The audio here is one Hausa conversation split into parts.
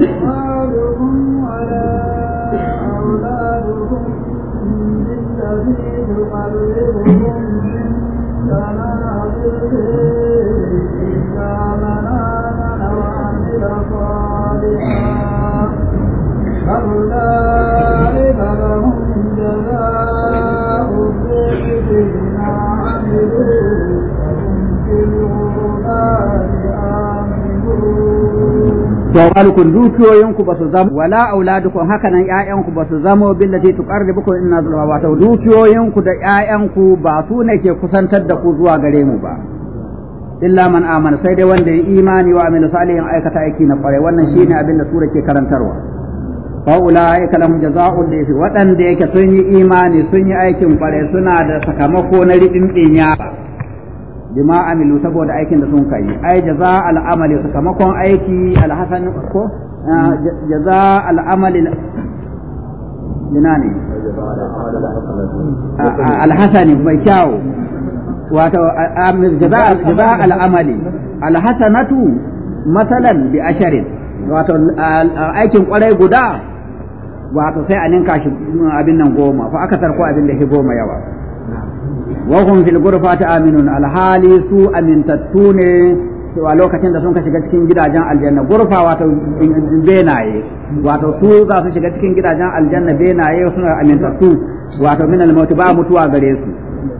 Thank you. wa dukiyoyinku ba su zama wala auladukum haka nan ƴaƴanku ba su zama billati tuqarribukum inna zulfa wato dukiyoyinku da ƴaƴanku ba su ne ke kusantar da ku zuwa gare mu ba illa man amana sai dai wanda ya imani wa amila salihin aikata aiki na kware wannan shine abin da sura ke karantarwa fa ulaika lahum jazaa'un da fi waɗanda yake sun yi imani sun yi aikin kware suna da sakamako na riɗin ɗinya bima amilu saboda aikin da sun kai ai jaza sakamakon aiki ko ah, jaza ne ah, ah, mai kyau wato jaza alhasanatu masalan bi asharin wato aikin kwarai guda wato sai a ninka shi abin nan goma fa aka tarko abin da shi goma yawa wahum fil gurfati aminun alhali su amintattu ne a lokacin da sun ka shiga cikin gidajen aljanna gurfa wato benaye wato su za shiga cikin gidajen aljanna benaye suna amintattu wato min al ba mutuwa gare su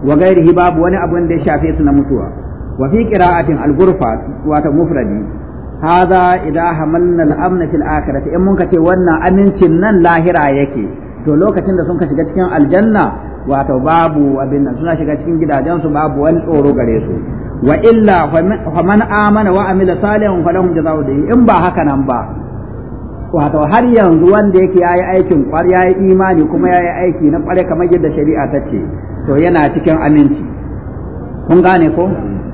wa gairihi babu wani abin da ya shafe su na mutuwa wa fi qira'atin al-gurfa wato mufradi hadha idha hamalna al-amna fil akhirati in mun ka ce wannan amincin nan lahira yake to lokacin da sun ka shiga cikin aljanna wato babu abin nan suna shiga cikin gidajensu babu wani tsoro gare su wa illa fa man amana wa amila salihan lahum jazaa'u dayyi in ba haka nan ba wato har yanzu wanda yake yayi aikin ƙwarya yayi imani kuma yayi aiki na kware kamar yadda shari'a ta ce to yana cikin aminci kun gane ko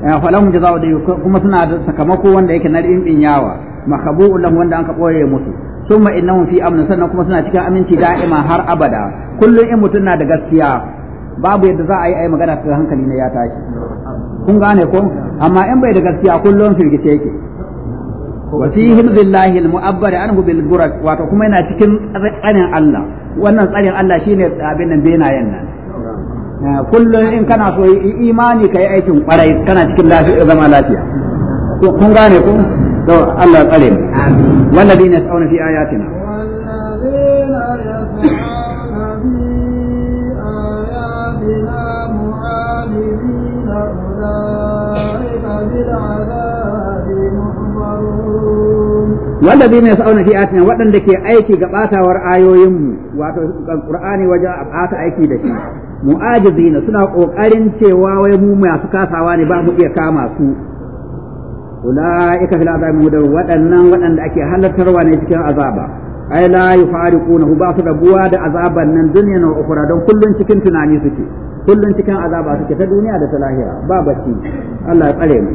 eh, lahum jazaa'u kuma suna da sakamako wanda yake na rimbin yawa makabu'un lahum wanda an ka boye musu summa innahum fi amn sannan kuma suna cikin aminci da'ima har abada kullum in mutum na da gaskiya babu yadda za a yi ai magana ta hankali ne ya tashi kun gane ko amma in bai da gaskiya kullum firgice yake wa billahi al-mu'abbar anhu bil gurab wato kuma yana cikin tsarin Allah wannan tsarin Allah shine abin nan benayen nan eh, kullum in kana so imani kai aikin kwarai kana cikin lafiya zama lafiya kun gane ko to Allah ya tsare mu amin walladina yas'una fi ayatina wallazi ne sa'una fi atina waɗanda ke aiki ga batawar ayoyinmu wato qur'ani wajen ata aiki da shi zina suna ƙoƙarin cewa wai mu su kasawa ne ba mu iya kama su ulaika fil mu mudar waɗannan waɗanda ake halartarwa ne cikin azaba ai la yufariqunahu ba su rabuwa da azaban nan duniya na ukura don kullun cikin tunani suke kullum cikin azaba suke ta duniya da ta lahira ba bacci Allah ya tsare mu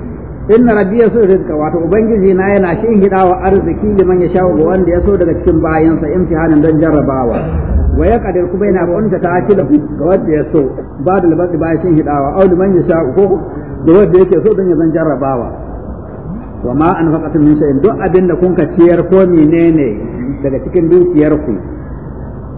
inna rabbi yasu rizqa wato ubangiji na yana shin hidawa arziki liman ya sha ga wanda ya so daga cikin bayansa imtihanin dan jarrabawa wa ya kadir kuma yana ba wanda ta akila ga wanda ya so ba da labadi bayan shin hidawa aw liman ya sha ko da wanda yake so dan ya dan jarrabawa wa ma anfaqatum min shay'in duk abin da kun ka ciyar ko menene daga cikin dukiyar ku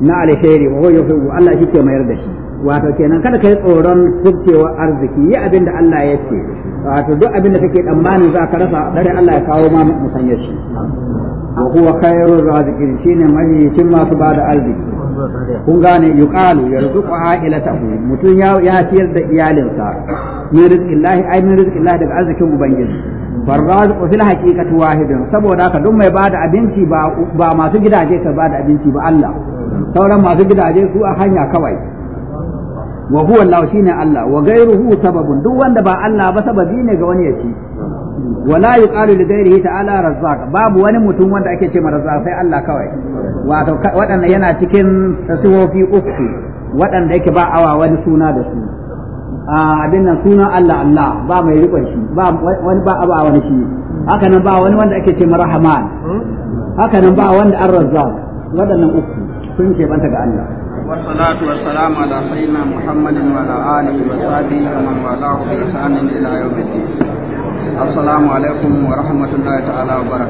na alheri wa huwa yuhibbu Allah shi ke mayar da shi wato kenan kada kai tsoron kubcewa arziki yi abin da Allah ya ce wato duk abin da kake tsammanin za ka rasa dare Allah ya kawo ma musanya shi wa huwa khairur raziqin shine mai cin masu ba da arziki kun gane yuqalu yarzuqu ailatahu mutun ya ya tiyar da iyalinsa min rizqillahi ay min Allahi daga arzikin ubangiji farraziqu fil haqiqati wahidun saboda ka duk mai bada abinci ba ba masu gidaje ka bada abinci ba Allah sauran masu gidaje su a hanya kawai wa huwa Allah shine Allah wa ghayruhu sababun duk wanda ba Allah ba sababi ne ga wani ya ci wala yuqalu li ghayrihi ta'ala razzaq babu wani mutum wanda ake ce razzaq sai Allah kawai wato wadannan yana cikin sifofi uku wadanda yake ba awa wani suna da su abin nan sunan Allah Allah ba mai rikon shi ba wani ba awa wani shi haka nan ba wani wanda ake ce rahman haka nan ba wanda ar-razzaq waɗannan uku sun ke banta ga Allah والصلاة والسلام على سيدنا wa man walahu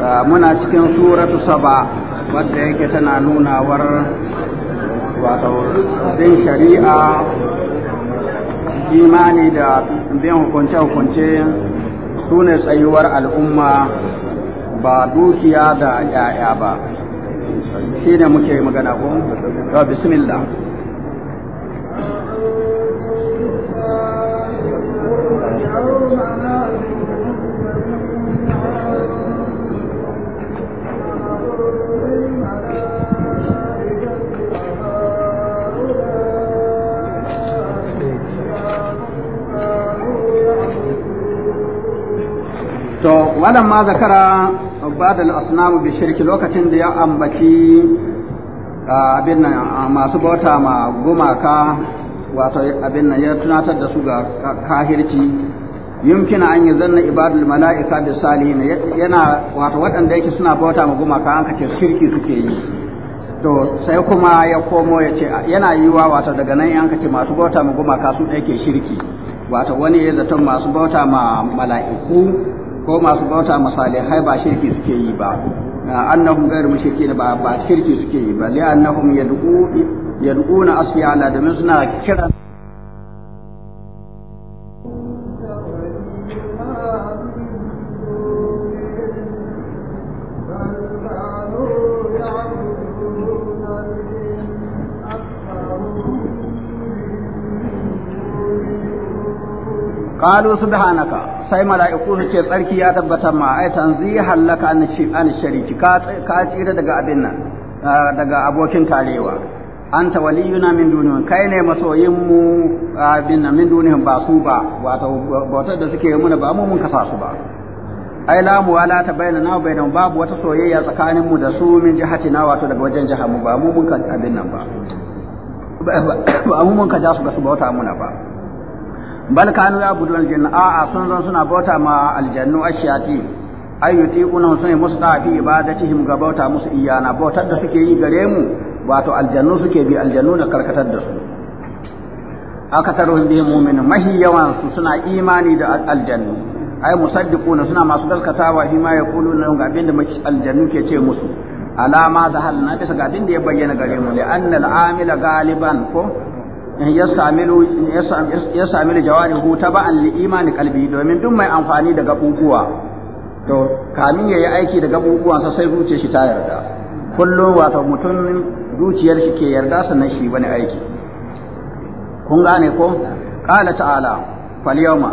ah, muna cikin suratu saba wadda yake tana nunawar wato bin shari'a imani da bin hukunce-hukunce sune tsayuwar al'umma ba dukiya da 'ya'ya ba shi ne muke magana ko to bismillah to walamma zakara badal asnamu bi shirki lokacin da ya ambaci abin nan masu bauta ma gumaka wato abin nan ya tunatar da su ga kahirci yumkina an yi zanna ibadul mala'ika bi salihin yana wato waɗanda yake suna bauta ma gumaka an kace shirki suke yi to sai kuma ya komo ya ce yana yiwa wato daga nan an kace masu bauta ma gumaka su ɗaya ke shirki wato wani ya zaton masu bauta ma mala'iku ko masu bauta masalihai ba shirki suke yi ba ah, annahum ghayr mushrikin ba ba shirki suke yi ba annahum yad'u yad'una asfiya domin suna kiran قالوا سبحانك sai mala'iku su ce tsarki ya tabbata ma ai tanzihan laka an an shariki ka ka tsira daga abin nan daga abokin tarewa anta waliyuna min dunihim kai ne masoyin mu abin nan min dunihim ba su ba wato bautar da suke muna ba mu mun kasa su ba ai la mu wala ta bayyana na bayyana babu wata soyayya tsakanin mu da su min na wato daga wajen jihar mu ba mu mun ka abin nan ba ba mu mun ka ja su su bauta muna ba bal kanu ya budu aljanna jinna a sun zan suna bauta ma aljannu ashiyati ay yutiquna sun yi musu fi ibadatihim ga bauta musu iyana bautar da suke yi gare mu wato aljannu suke bi aljannu na karkatar da su aka taro da mu'min mahi yawan su suna imani da aljannu ay musaddiquna suna masu gaskatawa bi ma yaquluna ga mai al aljannu ke ce musu alama da halna bisa ga abinda ya bayyana gare mu li anna al-amila galiban ko ya sami jawarihu taba'an li imani kalbi domin duk mai amfani da gabubuwa to kamin ya yi aiki da gabubuwa sai zuciyar shi ta yarda kullum wato mutum zuciyar shi ke yarda sannan shi wani aiki kun gane ko qala ta'ala fal yawma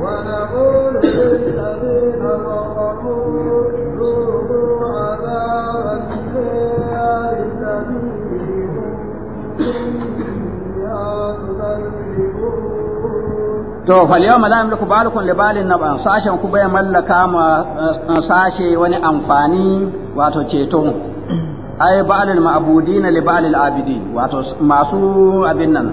ونقول للذين ظلموا ذوقوا عذاب النار الذي To falyau ma zamu ku balukun libalin na ban sashen ku bai mallaka ma eh, sashe wani amfani wato ceto ai ba'alul ma'budina libalil abidi wato masu abin nan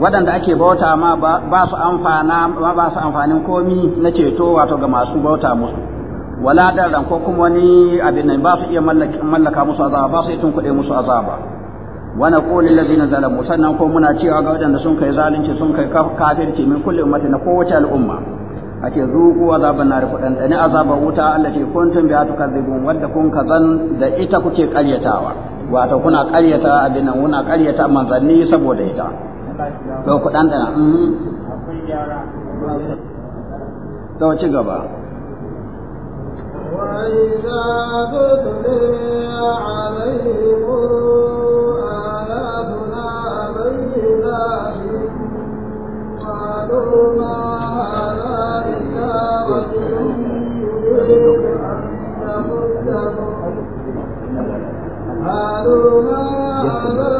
waɗanda ake bauta ma ba su amfana ma ba su amfanin komi na ceto wato ga masu bauta musu wala darran ko kuma wani abin nan ba su iya mallaka musu azaba ba su iya kuɗe musu azaba wa lil ladina zalamu sannan ko muna cewa ga waɗanda sun kai zalunci sun kai kafirci min kulli ummati na kowace al'umma Ake ce zuku azaban nar dan dani azaban wuta allati kuntum biha tukadzibun wanda kun kazan da ita kuke ƙaryatawa wato kuna ƙaryata abin nan kuna ƙaryata manzanni saboda ita to ku dan dana to ci gaba وإذا تتلي عليهم آياتنا بينات قالوا ما هذا إلا رجل يريد أن يصدكم قالوا ما هذا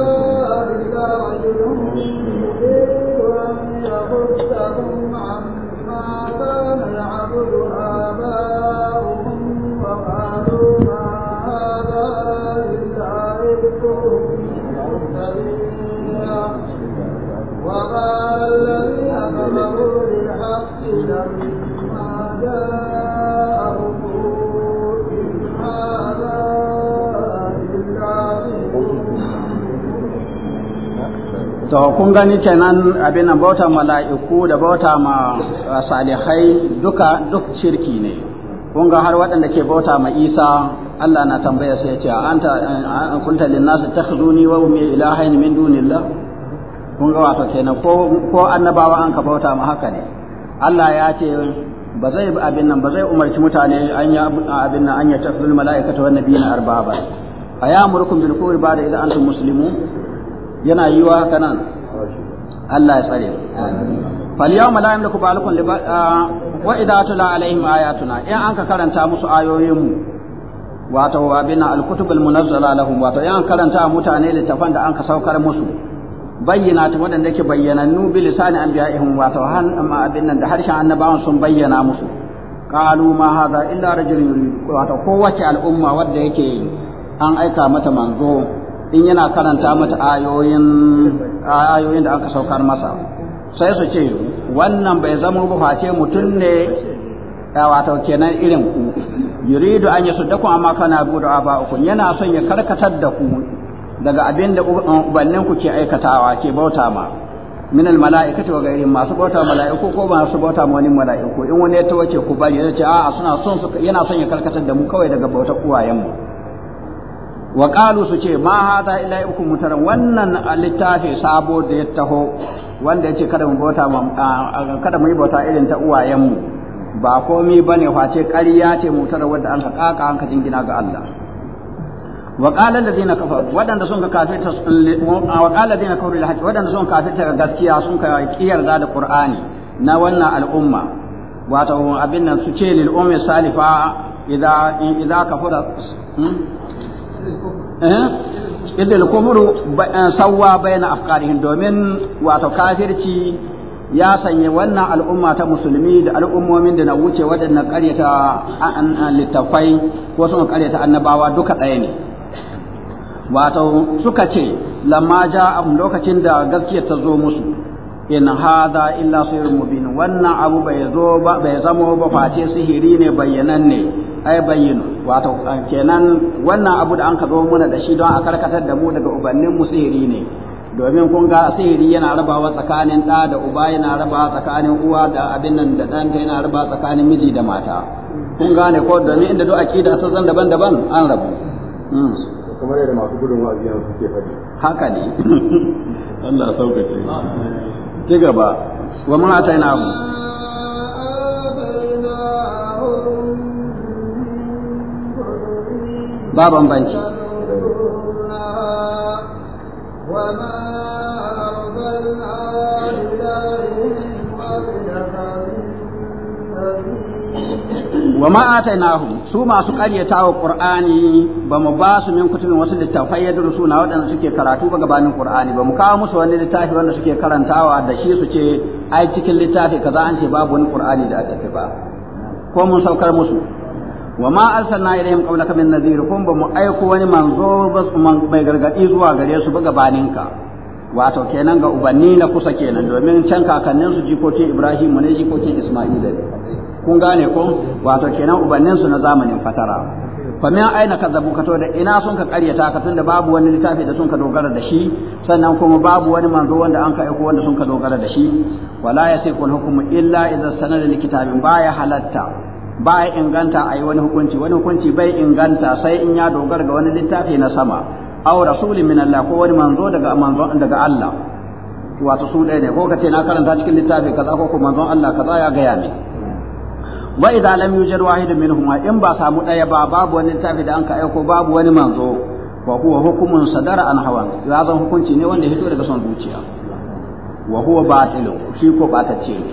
to kun gani kenan abin bauta mala'iku da bauta ma eh, salihai duka duk shirki ne kun ga har waɗanda ke bauta ma Isa Allah na tambaya sai ce anta kunta eh, eh, linnas takhuduni wa ummi ilahin min dunillah kun ga wato kenan ko ko annabawa an ka bauta ma haka ne Allah ya ce ba zai abin nan ba zai umarci mutane an ya abin nan an ya tafdul mala'ikata wa nabiyina arbaba aya murkum bil kufri da idan antum muslimun yana yiwa wa haka nan Allah ya tsare fal yawma la yamliku ba'lukum li wa idza tula alaihim ayatuna in an ka karanta musu ayoyin mu abin al al-munazzala lahum wato in an karanta mutane littafan da an ka saukar musu bayyana ta waɗanda ke bayyanannu bi lisani anbiya'ihim wato han amma abin da harshen annabawan sun bayyana musu qalu ma hadha illa rajulun wato kowace al'umma wadda yake an aika mata manzo in yana karanta mata ayoyin da aka saukar masa sai su ce wannan bai zama buface mutum ne wata kenan irin ku yuridu an yi su dakon amma kana budu uku. yana son ya karkatar da ku daga abin da ubannin ku ke aikatawa ke bauta ma min al to ga irin masu bauta mala'iku ko ba su bauta ma wani mala'iku in wani ya tawace ku bari ya ce a'a suna son yana son ya karkatar da mu kawai daga bautar uwayen mu wa qalu su ce ma hada illa ibkum mutaran wannan littafi sabo da ya taho wanda yace kada mu bauta kada mu yi bauta irin ta uwayenmu ba komai bane ce ƙarya ce mutar wanda an ka an ka jingina ga Allah wa qala alladhina kafaru wadanda sun ka kafirta wa qala alladhina kafaru lil haqq wadanda sun kafirta ga gaskiya sun ka kiyarda da qur'ani na wannan al'umma wato abin nan su ce lil ummi salifa idza idza kafara hmm? idil eh? eh, sawa bai na afkarihim domin wato kafirci ya sanya wannan al'umma ta musulmi da al'ummomin da na wuce waɗannan ƙaryata littafai ko sun ƙaryata annabawa duka ɗaya ne wato suka ce lamma ja abu lokacin da gaskiyar ta zo musu in hada illa mu mubin wannan abu bai zo ba bai zamo ba face sihiri ne bayyananne ai bayyinu wato eh, kenan wannan abu da an ka zo muna da shi don a karkatar da mu daga ubannin mu sihiri ne domin kun ga sihiri yana rabawa tsakanin ɗa da uba yana rabawa tsakanin uwa da abin nan da ɗan, yana rabawa tsakanin miji da mata kun gane ko domin inda duk akida ta zan daban-daban an rabu hmm. kamar yadda masu gudun wa'azi yanzu suke faɗi haka ne Allah sauƙaƙe Ki gaba wa mun ataina mu ba bambanci wa ma atainahum su masu ƙaryatawa ƙur'ani ba mu ba su min kutubin wasu littafai ya durusu na waɗanda suke karatu ba gabanin qur'ani ba mu kawo musu wani littafi wanda suke karantawa da shi su ce ai cikin littafi kaza an ce babu wani qur'ani da aka ba ko mun saukar musu wa ma arsalna ilayhim qablaka min nadhir kun ba mu aiko wani manzo kuma mai gargadi zuwa gare su ba gabaninka wato kenan ga ubanni na kusa kenan domin can kakannin su jikokin Ibrahim ne jikokin Isma'ila kun gane ko wato kenan ubannin su na zamanin fatara fa min aina zabu ka to da ina sun ka karyata ka tunda babu wani littafi da sun ka dogara da shi sannan kuma babu wani manzo wanda an ka aiko wanda sun ka dogara da shi wala yasiqul hukmu illa idza sanada likitabin baya halatta ba ya inganta a yi wani hukunci wani hukunci bai inganta sai in ya dogara ga wani littafi na sama aw rasulin min Allah ko wani manzo daga manzo daga Allah wato su ɗaya ne ko ka ce na karanta cikin littafi kaza ko kuma manzon Allah kaza ya gaya ne. wa idza lam yujad wahid minhum in ba samu ɗaya ba babu wani littafi da an ka aiko babu wani manzo wa huwa hukumun sadara an hawa ya zan hukunci ne wanda ya hito daga son zuciya wa huwa batilu shi ko batacce ne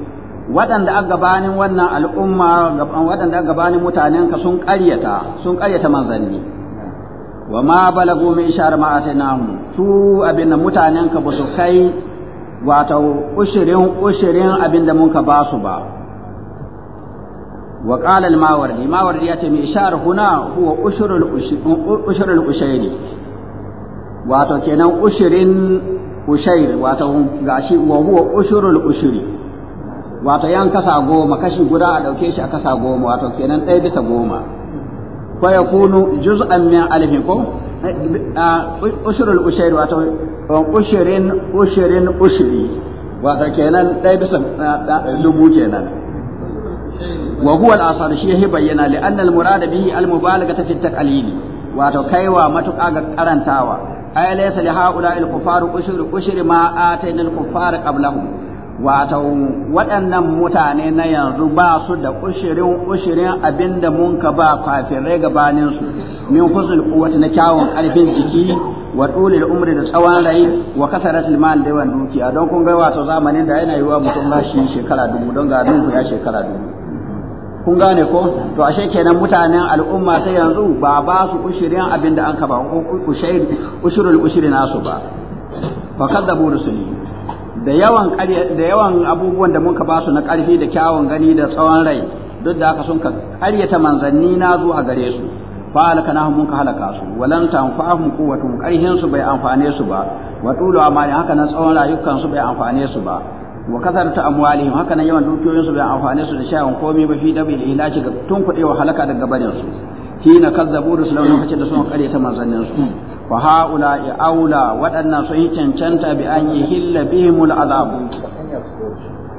waɗanda aka gabanin wannan al'umma waɗanda aka gabanin mutanenka sun ƙaryata sun ƙaryata manzanni wa ma balagu min shar ma atainahu su abinda mutanenka ba su kai wato ushirin ushirin abinda mun ka ba su ba wa qala al mawardi mawardi yace mi ishar huna huwa ushrul ushrul ushairi wato kenan ushirin ushair wato gashi wa huwa ushrul ushri wato yan kasa goma kashi guda a ɗauke shi a kasa goma wato kenan ɗaya bisa goma kunu yakunu juz'an min alifin ko ushurul ushiri wato ushirin ushirin ushiri wato kenan ɗaya bisa lubu kenan wa huwa al-asar shi ya bayyana li anna al-murada bihi al-mubalaghata fi at-taqlid wato kaiwa matuƙa ga karantawa ay laysa li ha'ula al-kuffar ushur ushur ma atayna al-kuffar qablahum wato waɗannan mutane na yanzu ba su da ushirin abin da mun ka ba kafirai gabanin su min husnul kuwata na kyawun alfin jiki wa tulil umri da tsawon rai wa kasaratul mal da yawan dukiya don kun ga wato zamanin da yana yiwa mutum ba shi shekara dubu don ga dubu ya shekara dubu kun gane ko to ashe kenan mutanen al'umma ta yanzu ba ba su ushirin abin da an ka ba ushirul ushiri nasu ba fa kadzabu rusuli da yawan da yawan abubuwan da muka ba su na ƙarfi da kyawun gani da tsawon rai duk da haka sun ka ƙaryata manzanni na a gare su fa alkana mun ka halaka su walan tanfa'ahum quwwatuhum ƙarhin su bai amfane su ba wa tulu amani haka nan tsawon rayukan su bai amfane su ba wa kasarta amwalihim haka nan yawan dukiyoyin su bai amfane su da shayan komai ba fi da ilaci ga tun wa halaka daga barin su hina kazzabu rusulun lokacin da sun ƙaryata manzannin su fa haula ya aula waɗannan sun yi cancanta bi an yi hilla bihimul azabu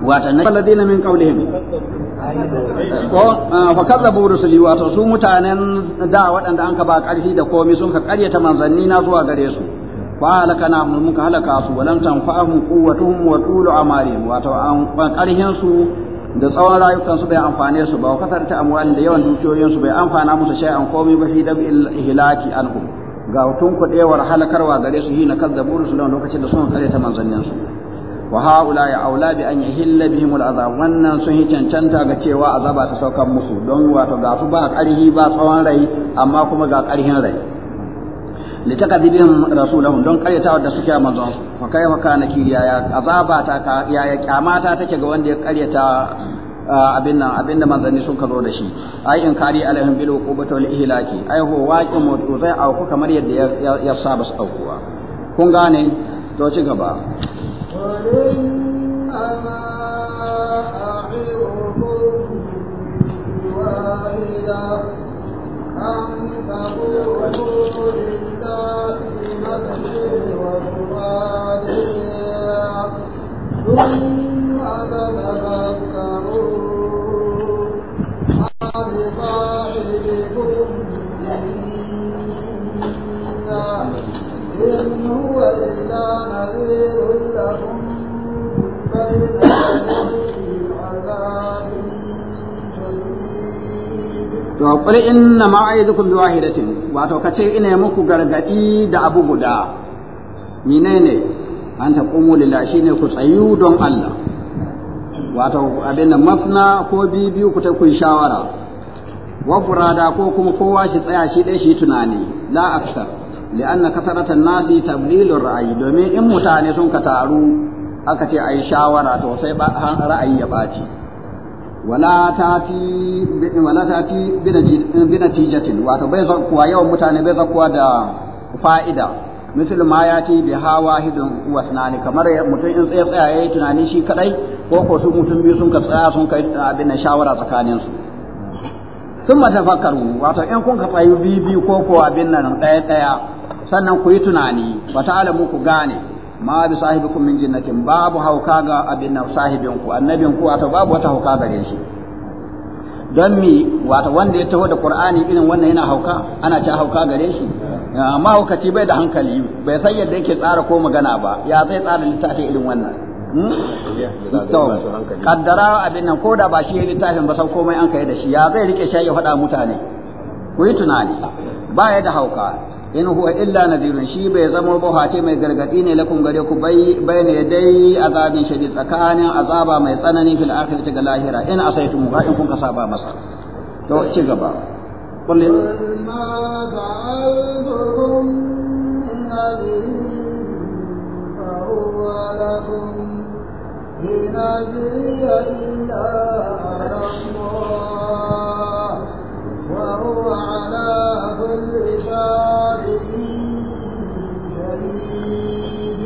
wata na alladina min qawlihim ko eh, fa kazzabu rusuli wato su mutanen da waɗanda an ka ba ƙarfi da komai sun karyata ƙaryata manzanni na zuwa gare su fa halakana muka halaka su wa su da tsawon rayukansu bai amfane su ba wa kasar ta amwal da yawan su bai amfana musu shay'an komai ba fi dabi hilaki anhum ga hutun kudewar halakarwa gare su hina su rusulun lokacin da sun kare ta manzannin su wa haula ya aula bi an yahilla bihim al'azab wannan sun yi cancanta ga cewa azaba ta saukan musu don wato ga su ba karhi ba tsawon rai amma kuma ga karhin rai litakadibin rasulahum don karyatawa da suke manzon su fa fa kana kiriya azaba ta ya kyamata take ga wanda ya ta? abin nan abin da manzanni sun kazo da shi ai in kari alaihim bil uqubati wal ihlaki ai ho waqi mutu zai auku kamar yadda ya saba su aukuwa kun gane to ci gaba ثم بصاحبكم إن هو To, inna bi wahidatin wato ka ce ina muku gargaɗi da abu guda, menene an ta ƙumu lila shi ne ku tsayu don Allah, wato abin da ko biyu ku ta kun shawara, wa furada ko kuma kowa shi tsaya shi ɗaya shi tunani la aksar li'anna kasaratan nasi tablilur ra'ayi domin in mutane sun ka taru aka ce ai shawara to sai ra'ayi ya baci wala tati wala tati bi natijatin wato bai kuwa yawan mutane bai kuwa da fa'ida misal ma ya ce bi hawa hidin wasnani kamar mutum in tsaye tsaya yayi tunani shi kadai ko ko su mutum biyu sun ka tsaya sun kai abin shawara tsakaninsu su sun matafakaru wato in kun ka tsayu biyu ko ko abin nan ɗaya ɗaya sannan ku yi tunani wa alamu ku gane ma bi kun min jinnatin babu hauka ga abin nan sahibin ku annabin wato babu wata hauka gare shi don mi wato wanda ya taho da qur'ani irin wannan yana hauka ana ci hauka gare shi amma haukaci bai da hankali bai san yadda yake tsara ko magana ba ya zai tsara littafi irin wannan to kaddara abin nan ko da ba shi littafin ba san komai an kai da shi ya zai rike shi ya faɗa mutane ku yi tunani ba ya da hauka in huwa illa nadirun shi bai zama ba ce mai gargadi ne lakum gare ku bai ne dai azabin shadi tsakanin azaba mai tsanani fil akhirati ga lahira in asaitum ba in kun kasa ba masa to ci gaba إن أجري إلا على الله وهو على كل شيء شهيد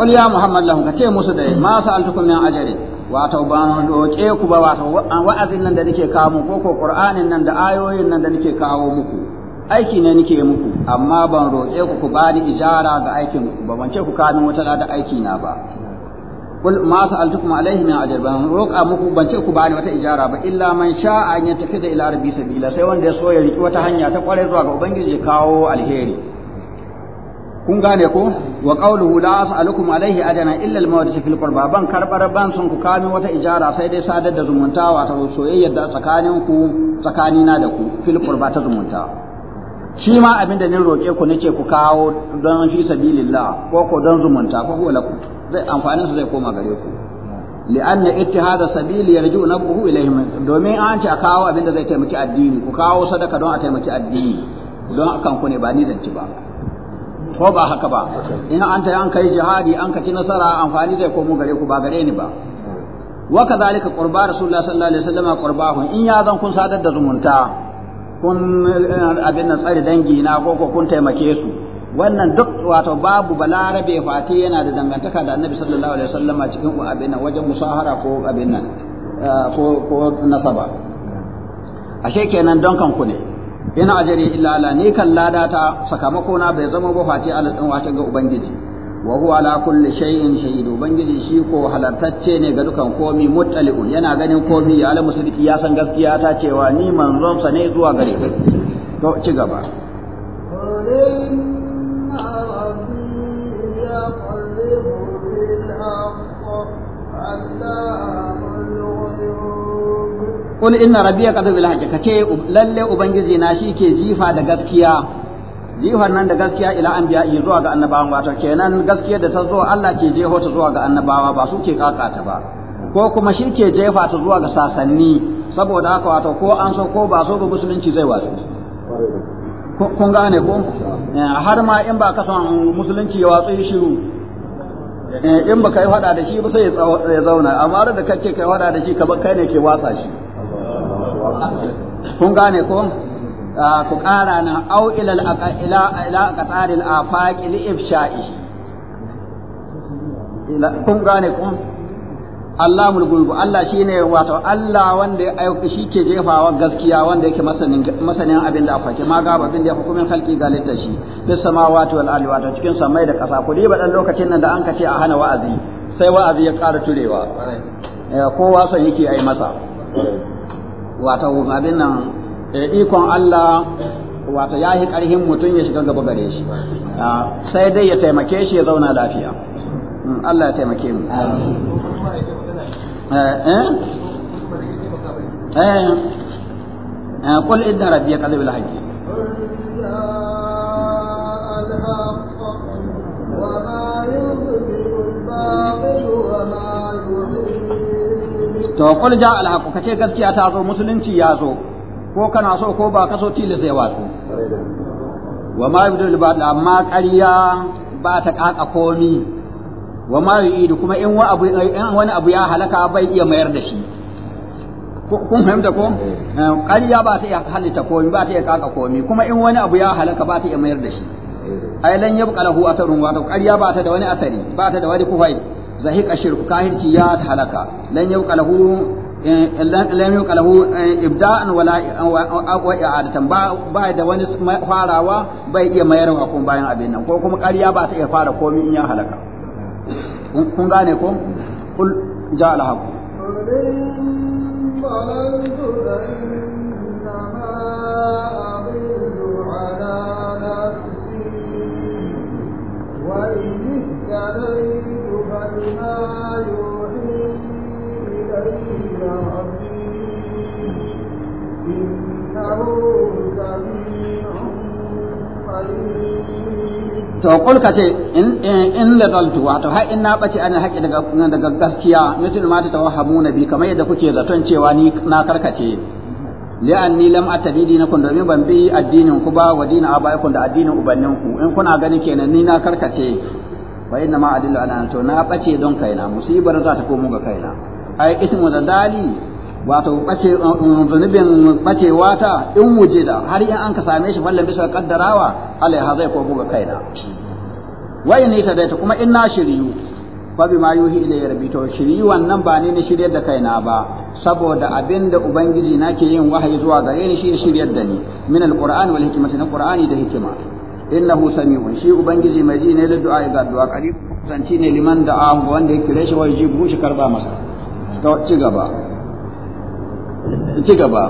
قل يا محمد لهم كتير موسى ما سألتكم من أجري wato ban roƙe ku ba wato wa'azin nan da nake kawo muku ko Qur'anin nan da ayoyin nan da nake kawo muku aiki ne nake muku amma ban roƙe ku ku bani ijara ga aikin ba ban ce ku kamin wata da aiki na ba kul ma sa'altukum alayhi min ajr ban roƙa muku ban ce ku bani wata ijara ba illa man sha'a an yattakhidha ila rabbi sabila sai wanda ya so ya riki wata hanya ta kware zuwa ga ubangiji kawo alheri kun gane ko wa qawluhu la sa'alukum alayhi adana illa al-mawaddati fil qurba ban karbar ban sun ku kawo wata ijara sai dai sadar da zumunta ta soyayya da tsakanin ku tsakanina da ku fil qurba ta zumunta shi ma abin da ni roke ku nace ku kawo don fi sabilillah ko ko don zumunta ko huwa lakum zai amfanin su zai koma gare ku li'anna ittihada sabili yarju nabuhu ilaihim domin an ce a kawo abin da zai taimaki addini ku kawo sadaka don a taimaki addini don akan ku ne ba ni zan ba ko ba haka ba in an ta an kai jihadi an ka ci nasara amfani zai komo gare ku ba gare ni ba wa kadhalika qurba rasulullah sallallahu alaihi wasallam qurbahu in ya zan kun sadar da zumunta kun eh, abin nan tsari dangi na ko kun taimake su wannan duk wato babu balarabe fati yana da dangantaka da annabi sallallahu alaihi wasallama cikin abin nan wajen musahara ko abin nan eh, ko ko nasaba ashe kenan don kanku ne ina ajari illa ala ni kan lada ta sakamako na bai zama ba fati ala din wato ga ubangiji wa huwa ala kulli shay'in shahidu ubangiji shi ko halartacce ne ga dukan komi muttali'un yana ganin komi ya alamu musulki ya san gaskiya ta cewa ni manzon sa ne zuwa gare to ci gaba ربي يقذف بالحق علام الغيوب قل إن ربي يقذف بالحق كتي للي أبنجزي ناشي كي جيفا دا غسكيا jihar nan da gaskiya ila an biya yi zuwa ga annabawan wato kenan gaskiya da ta zo Allah ke jeho ta zuwa ga annabawa ba su ke kakata ba ko kuma shi ke jefa ta zuwa ga sasanni saboda haka wato ko an so ko ba so ga musulunci zai wato kun gane ko eh, har ma in ba ka son musulunci ya watsu shiru eh, in ba ka yi fada da shi ba sai ya zauna amma da kake kai fada da shi ka kai ne ke watsa shi kun gane ko ah, ku ƙara na au ilal ila ila qataril afaq li ifsha'i kun gane ko Allah gulbu Allah shine wato Allah wanda ya aika shi ke jefawa gaskiya wanda yake masanin masanin abin da afake ma ga abin da yake min halki ga litta shi bis samawati wal ardi wato cikin samai da kasa ku ba dan lokacin nan da an kace a hana wa'azi sai wa'azi ya ƙara turewa eh, kowa son yake ai masa wato abin nan eh, ikon Allah wato ya yi ƙarhin mutum ya shiga gaba gare shi ah, sai dai ya taimake shi ya zauna lafiya hmm, Allah ya taimake mu قل إن ربي يقضي بالحق to qul ja al haqu kace gaskiya ta zo musulunci ya zo ko kana so ko ba ka so tilas ya wato wa ma yudul batil amma qariya ba ta kaka komi wa ma yu'idu kuma in wani abu ya halaka bai iya mayar da shi kun fahimta ko eh. Eh, ƙarya ba ta iya halitta komi ba ta iya kaka komi kuma in wani abu ya halaka ba ta iya mayar da shi eh. ai lan yabqa lahu atharun wa ƙarya ba ta da wani asari ba ta da wani kufai zahiqa shirku kahirci ya halaka lan yabqa lahu lan yabqa lahu ibda'an wala wa i'adatan ba ba da wani farawa bai iya mayarwa kun bayan abin nan ko kuma ƙarya ba ta iya fara komi in ya halaka kun gane ko kul ja alhaq وإن اهتديت فبما يوحي إلي ربي إنه سميع قريب to kul ka ce in in ladaltu wato har in na bace ana haƙi daga daga gaskiya mutum ma ta tawahhamuna bi kamar yadda kuke zaton cewa ni na karkace li'anni lam atabi dinakum domin ban bi addinin ku ba wa dinin abaikum da addinin ubannin ku in kuna gani kenan ni na karkace wa inna ma adillu ala to na bace don kaina musibar za ta komo ga kaina ai ismu da dali wato bace uh, uh, zunubin bacewa ta in da har in an ka same shi fallan bisa kaddarawa alaiha zai ko buga kaina wai ne ta ta kuma in na shiryu fa bi ma yuhi ila rabbi to shiryu wannan ba ni ne shiryar da kaina ba saboda abinda ubangiji nake yin wahayi zuwa gare ni shi shiryar da ni min alqur'an wal hikmati na qur'ani da hikima innahu samiun shi ubangiji mai ji ne da du'a ga du'a qarib zanci ne liman da ahu wanda ya kire shi wai ji bushi karba masa ta ci gaba ci gaba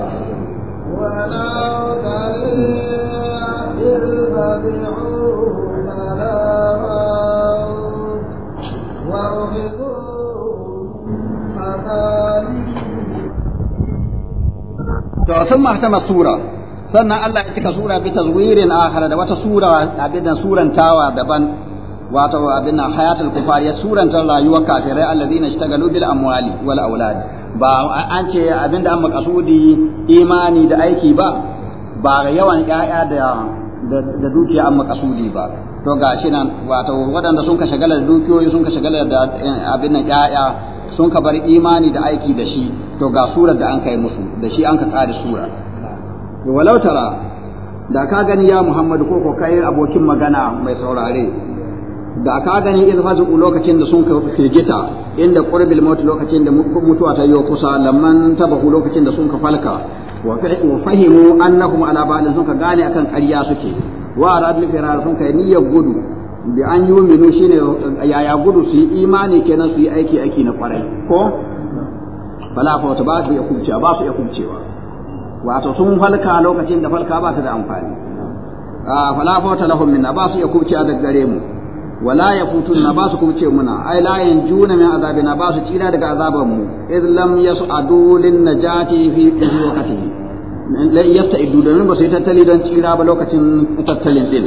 to sun mahtama sura sannan Allah ya cika sura bi tazwirin akhara da wata sura abin da surantawa daban wato abin hayatul kufar ya suranta rayuwar kafirai alladhina ishtagalu bil amwali wal aulad ba an ce abinda an makasudi imani da aiki ba ba yawan ƴaƴa da dukiya an makasudi ba to ga shi nan wato waɗanda sun ka shagala da dukiyoyi sun ka shagala da eh, abin nan ƴaƴa sun ka bar imani da aiki da shi to ga surar da an kai musu da shi an ka tsari sura walau tara da ka gani ya Muhammadu ko ko kai abokin magana mai saurare da ka gani iz fazu lokacin da sun firgita inda qurbil maut lokacin da mutuwa ta yi kusa lamman tabahu lokacin da sun ka falka wa fahimu annahum ala ba'din sun ka gane akan ƙarya suke wa aradu firar sun kai niyyar gudu bi an yuminu shine yaya gudu su yi imani kenan su yi aiki aiki na kwarai ko fala fa ba su ya kubcewa ba su ya kubcewa wato sun falka lokacin da falka ba su da amfani ah, fala fa lahum minna ba su ya kubcewa a daggare mu wala yafutuna ba su kubce muna a la juna min azabina na su tsira daga azaban mu id lam yas'adu lin najati fi waqtihi lan yasta'idu domin ba su yi tattali don cira ba lokacin tattalin din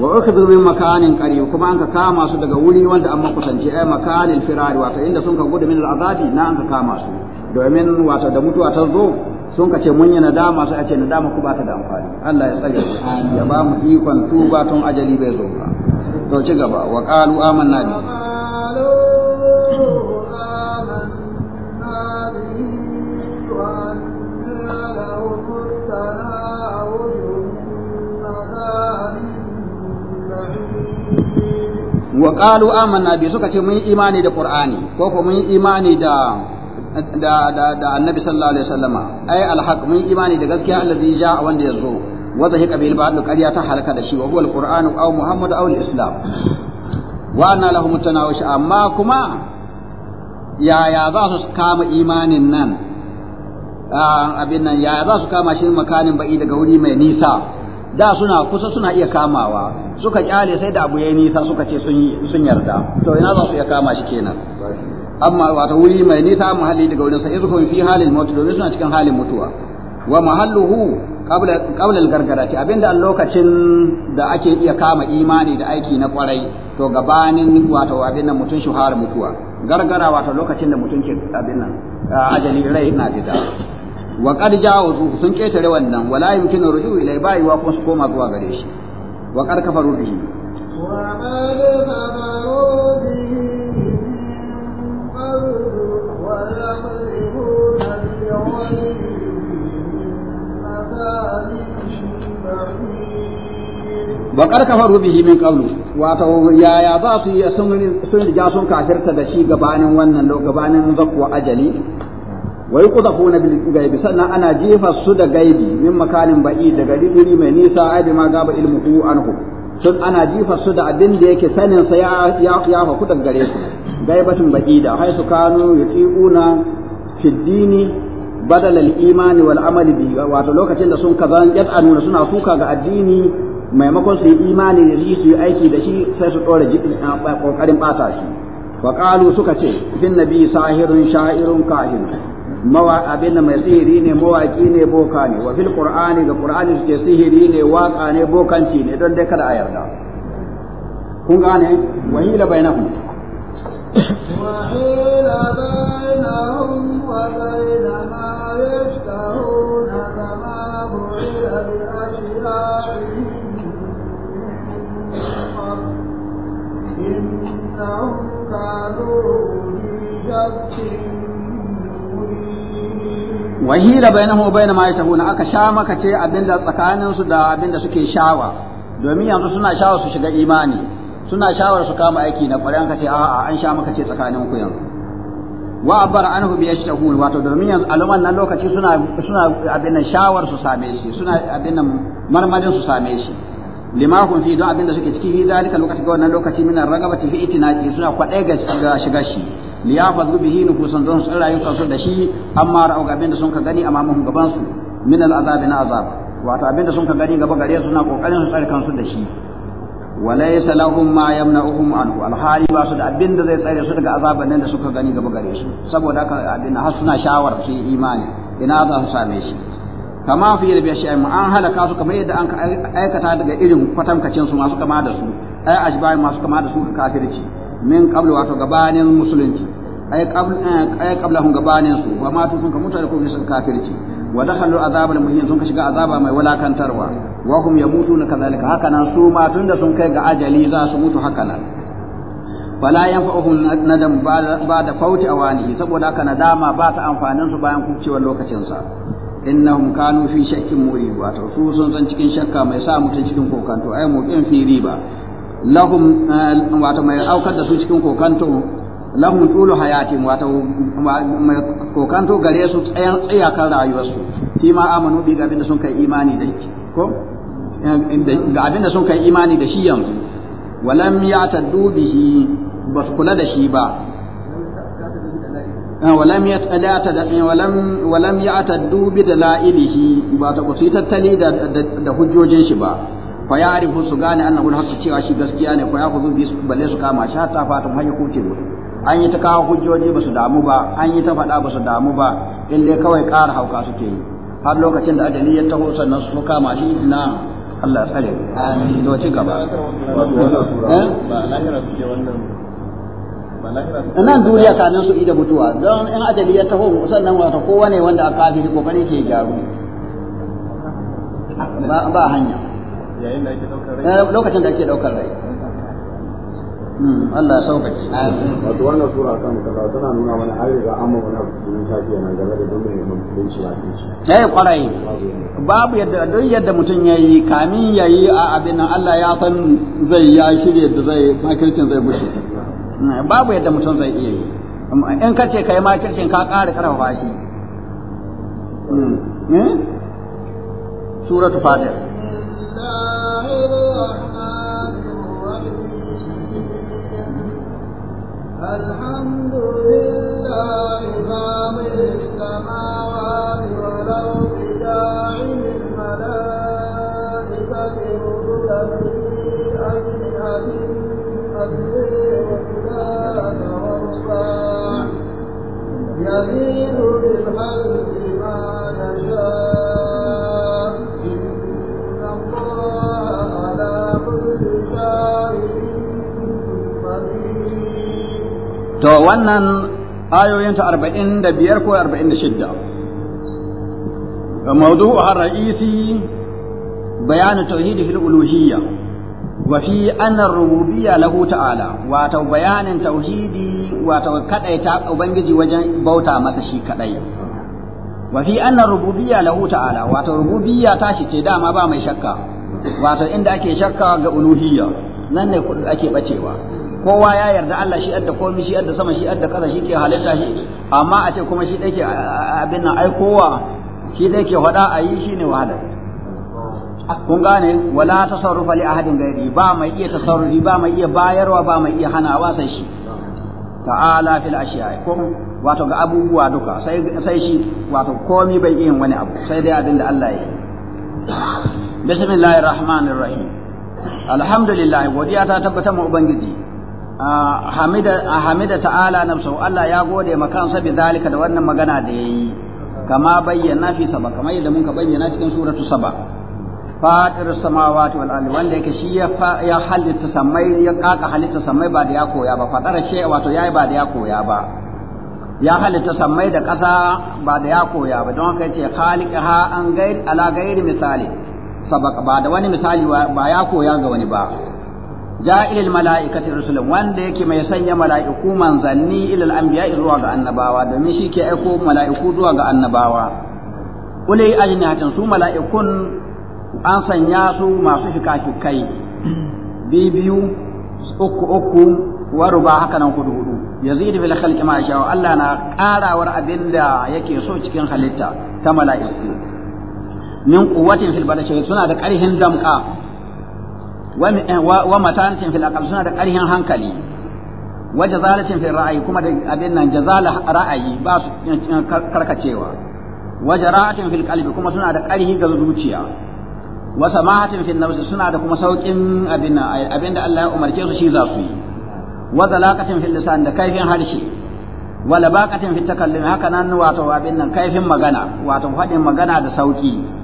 wa ukhidhu min makanin qarib kuma an ka kama su daga wuri wanda an makusanci ai makanin firari wato inda sun ka gudu min al'azabi na an ka kama su domin da zo sun ka ce mun yi nadama sai a ce nadama ku ba ta da amfani Allah ya tsare ya ba mu ikon tuba tun ajali bai zo ba to ci gaba wa qalu amanna bi wa qalu amanna bi suka ce mun yi imani da qur'ani ko ko mun yi imani da da da annabi sallallahu alaihi wasallama ai alhaq mun yi imani da gaskiya allazi ja'a wanda yazo shi zahiqa ba ba'd qarya ta halaka da shi wa huwa al-qur'an aw muhammad aw al-islam wa anna lahum tanawish amma kuma yaya za su kama imanin nan abin nan yaya za su kama shi makanin ba'i daga wuri mai nisa da suna kusa suna iya kamawa suka kyale sai da abu yayi nisa suka ce sun yarda to ina za su iya kama shi kenan amma wata wuri mai nisa muhalli daga wurin sa izkun fi halin mutu domin suna cikin halin mutuwa wa mahalluhu ƙaunar gargarace abinda a lokacin da ake iya kama imani da aiki na kwarai to gabanin wato abin nan mutum shuhara mutuwa gargara wato lokacin da mutum ke abin nan ajali rai na fita wa jawo jawazu sun ketare wannan wala yumkinu ruju ilai bai wa kuma su koma zuwa gare shi wa qad kafaru bihi wa qad kafaru bihi min qablu wa yaqdimu wa kar kafaru bihi min qablu wato yaya za su yi sun sun riga sun kafirta da shi gabanin wannan gabanin zakwa ajali wa yuqdafuna bil gaibi sannan ana jefa su da gaibi min makalin ba'i daga lidiri mai nisa ai ma gaba ilmu ku anhu sun ana jefa su da abin da yake sanin sa ya ya ya faku daga gare su gaibatun ba'ida haisu kanu yuti'una fi dini badal al-imani wal amali bi wato lokacin da sun kazan yad'anu suna suka ga addini maimakon su yi imani da shi su yi aiki da shi sai su dora kokarin bata shi wa qalu suka ce bin nabi sahirun sha'irun kahin mawa abin mai sihiri ne mawaki ne boka ne wa fil qur'ani ga qur'ani suke sihiri ne waka ne bokanci ne don dai kada a yarda kun gane wahila bainahum wahila bainahum wahira ما يشتهون كما فعل بأشياعهم إنهم aka sha maka ce abinda tsakanin su da abinda suke shawa domin yanzu suna shawa su shiga imani suna shawar su kama aiki na kwarai an ka ce a'a an sha maka ce tsakanin ku yanzu wa abara anhu bi yashtahun wato domin yanzu a aluman nan lokaci suna suna abin shawar su same shi suna abin marmarin su same shi lima kun fi don abin da suke ciki fi zalika lokaci ga wannan lokaci min ragabati fi itinaqi suna kwadai ga shiga shi liyafadhu bihi nufusan don su rayuka su da shi amma ra'u abin da sun ka gani amma mun gaban su min al'azab na azab wato abin da sun ka gani gaba gare su na kokarin su tsare kansu da shi وليس لهم ما يمنعهم عنه su da abin da zai tsare su daga azaban nan da suka gani gaba gare su saboda haka abin har suna shawar su imani ina za su same shi kama fi yadda shi an halaka su kamar yadda an aikata daga irin kwatankacin su masu kama da su ai ashbai masu kama da su ka kafirci min qablu wato gabanin musulunci ai qabl eh, ai qablahum gabanin su ba ma tun ka mutane ko su kafirci wa dakhalu azabal muhin sun shiga azaba mai walakantarwa wa hum yamutuna kadhalika haka nan su ma da sun kai ga ajali za su mutu haka nan fala yanfa'uhum nadam ba da fauti awanihi saboda haka nadama ba ta amfanin su bayan kucewar lokacin sa innahum kanu fi shakkin murib wato su sun san cikin shakka mai sa mutum cikin kokanto ai eh, mai aukar da su cikin kokanto lahum tulu hayatin wato kokanto gare su tsayan tsayakan rayuwarsu fi ma amanu bi ga abinda sun kai imani da shi ko ga abinda sun kai imani da shi yanzu walam ya'taddu bihi ba su kula da shi ba eh, eh, walam walam ya'taddu bi dalailihi ba ta kusi tattali da da hujjojin shi ba fa ya'rifu su gane annahu al-haqq cewa shi gaskiya ne fa ya kudu bi balle su kama shi hatta fatum hayya kuce musu an yi ta kawo hujjoji ba su damu ba an yi ta faɗa ba su damu ba in dai kawai ƙara hauka suke yi har lokacin da ajali ya taho sannan su kama mashi na Allah ya tsare amin to ci gaba nan duniya kanin su ida mutuwa don in ajali ya taho sannan wata kowa ne wanda aka kafiri kokari ke gyaru ba hanya eh, lokacin da ake daukar rai Allah ya sauƙaƙe wato wannan sura kan kaza tana nuna mana an riga an mu wani abin shafi yana game da dole ne mun shi wato eh kwarai babu yadda duk yadda mutum yayi kamin yi a abin nan Allah ya san zai ya shirye da zai makircin zai bushe babu yadda mutum zai iya yi in ka ce kai makircin ka ƙara ƙarfafa shi hmm. hmm? suratul fatir الحمد لله فاطر السماوات والأرض جاعل الملائكة رسلا في أجنحة التكبير الناس والصاع يزيد بالخلق to wannan ta arba'in da biyar ko arba'in da shidda maudu'u ra'isi bayanu tauhidi fil uluhiyya wa fi anna rububiyya lahu ta'ala wato bayanin tauhidi wato kadaita ubangiji wajen bauta masa shi kadai wa fi anna rububiyya lahu ta'ala wato rububiyya tashi ce dama ba mai shakka wato inda ake shakka ga uluhiyya nan ne ake bacewa kowa ya yarda Allah shi adda komi shi adda sama shi adda kasa shi ke halitta shi amma a ce kuma shi dake abin nan ai kowa shi dake faɗa a yi shi ne wahala kun gane wala tasarrufa li ahadin gairi ba mai iya tasarrufi ba mai iya bayarwa ba mai iya hanawa sai shi ta'ala fil ashiya ko wato ga abubuwa duka sai sai shi wato komi bai iya wani abu sai dai abin da Allah ya yi bismillahir rahmanir rahim alhamdulillah godiya ta tabbata mu ubangiji A hamida ta'ala na nafsahu Allah ya gode makan sabi zalika da wannan magana da ya yi. kama bayyana fi saba kama yadda muka bayyana cikin suratu saba fatir samawa wal ardi wanda yake shi ya ya halitta samai ya kaka halitta samai ba da ya koya ba fadara she wato yayi ba da ya koya ba ya halitta samai da kasa ba da ya koya ba don haka yace khaliqaha an gair ala gairi misali sabaka ba da wani misali ba ya koya ga wani ba ja'ilil mala'ikati rusulan wanda yake mai sanya mala'iku manzanni ilal anbiya zuwa ga annabawa domin shi ke aiko mala'iku zuwa ga annabawa ulai ajnihatin su mala'ikun an sanya su masu fikafikai biyu uku uku wa ruba haka nan hudu hudu yazidu bil khalqi ma sha Allah na karawar abinda yake so cikin halitta ta mala'iku min quwwatin fil badashi suna da karhin damka Eh, wa matanatin fil aqal suna da ƙarhin hankali wa jazalatin fil ra'ayi kuma da abin nan jazala ra'ayi ba su eh, eh, karkacewa wa jara'atin fil qalbi kuma suna da ƙarhi ga zuciya wa samahatin fil nafsi suna da kuma saukin abin abin da Allah ya umarce su shi za su yi wa zalaqatin fil lisan da kaifin harshe wa labaqatin fil takallum haka nan wato abin nan kaifin magana wato faɗin magana da sauki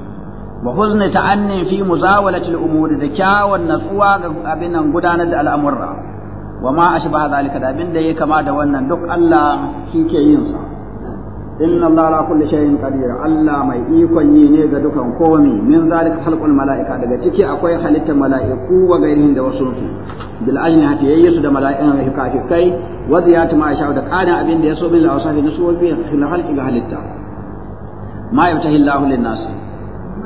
wa ta annifi fi muzawalati al-umuri da kyawun natsuwa ga abin gudanar da al'amura, wa ma ashbaha zalika da abin da ya kama da wannan duk Allah shi ke yin sa inna Allah ala shay'in qadir Allah mai ikon yi ne ga dukan komi min zalika khalqul malaika daga ciki akwai halittar mala'iku wa gairihin da wasu su bil ajni hati yayi su da mala'ikan hikafikai ya ziyatu da abin da min ga halitta ma yabtahi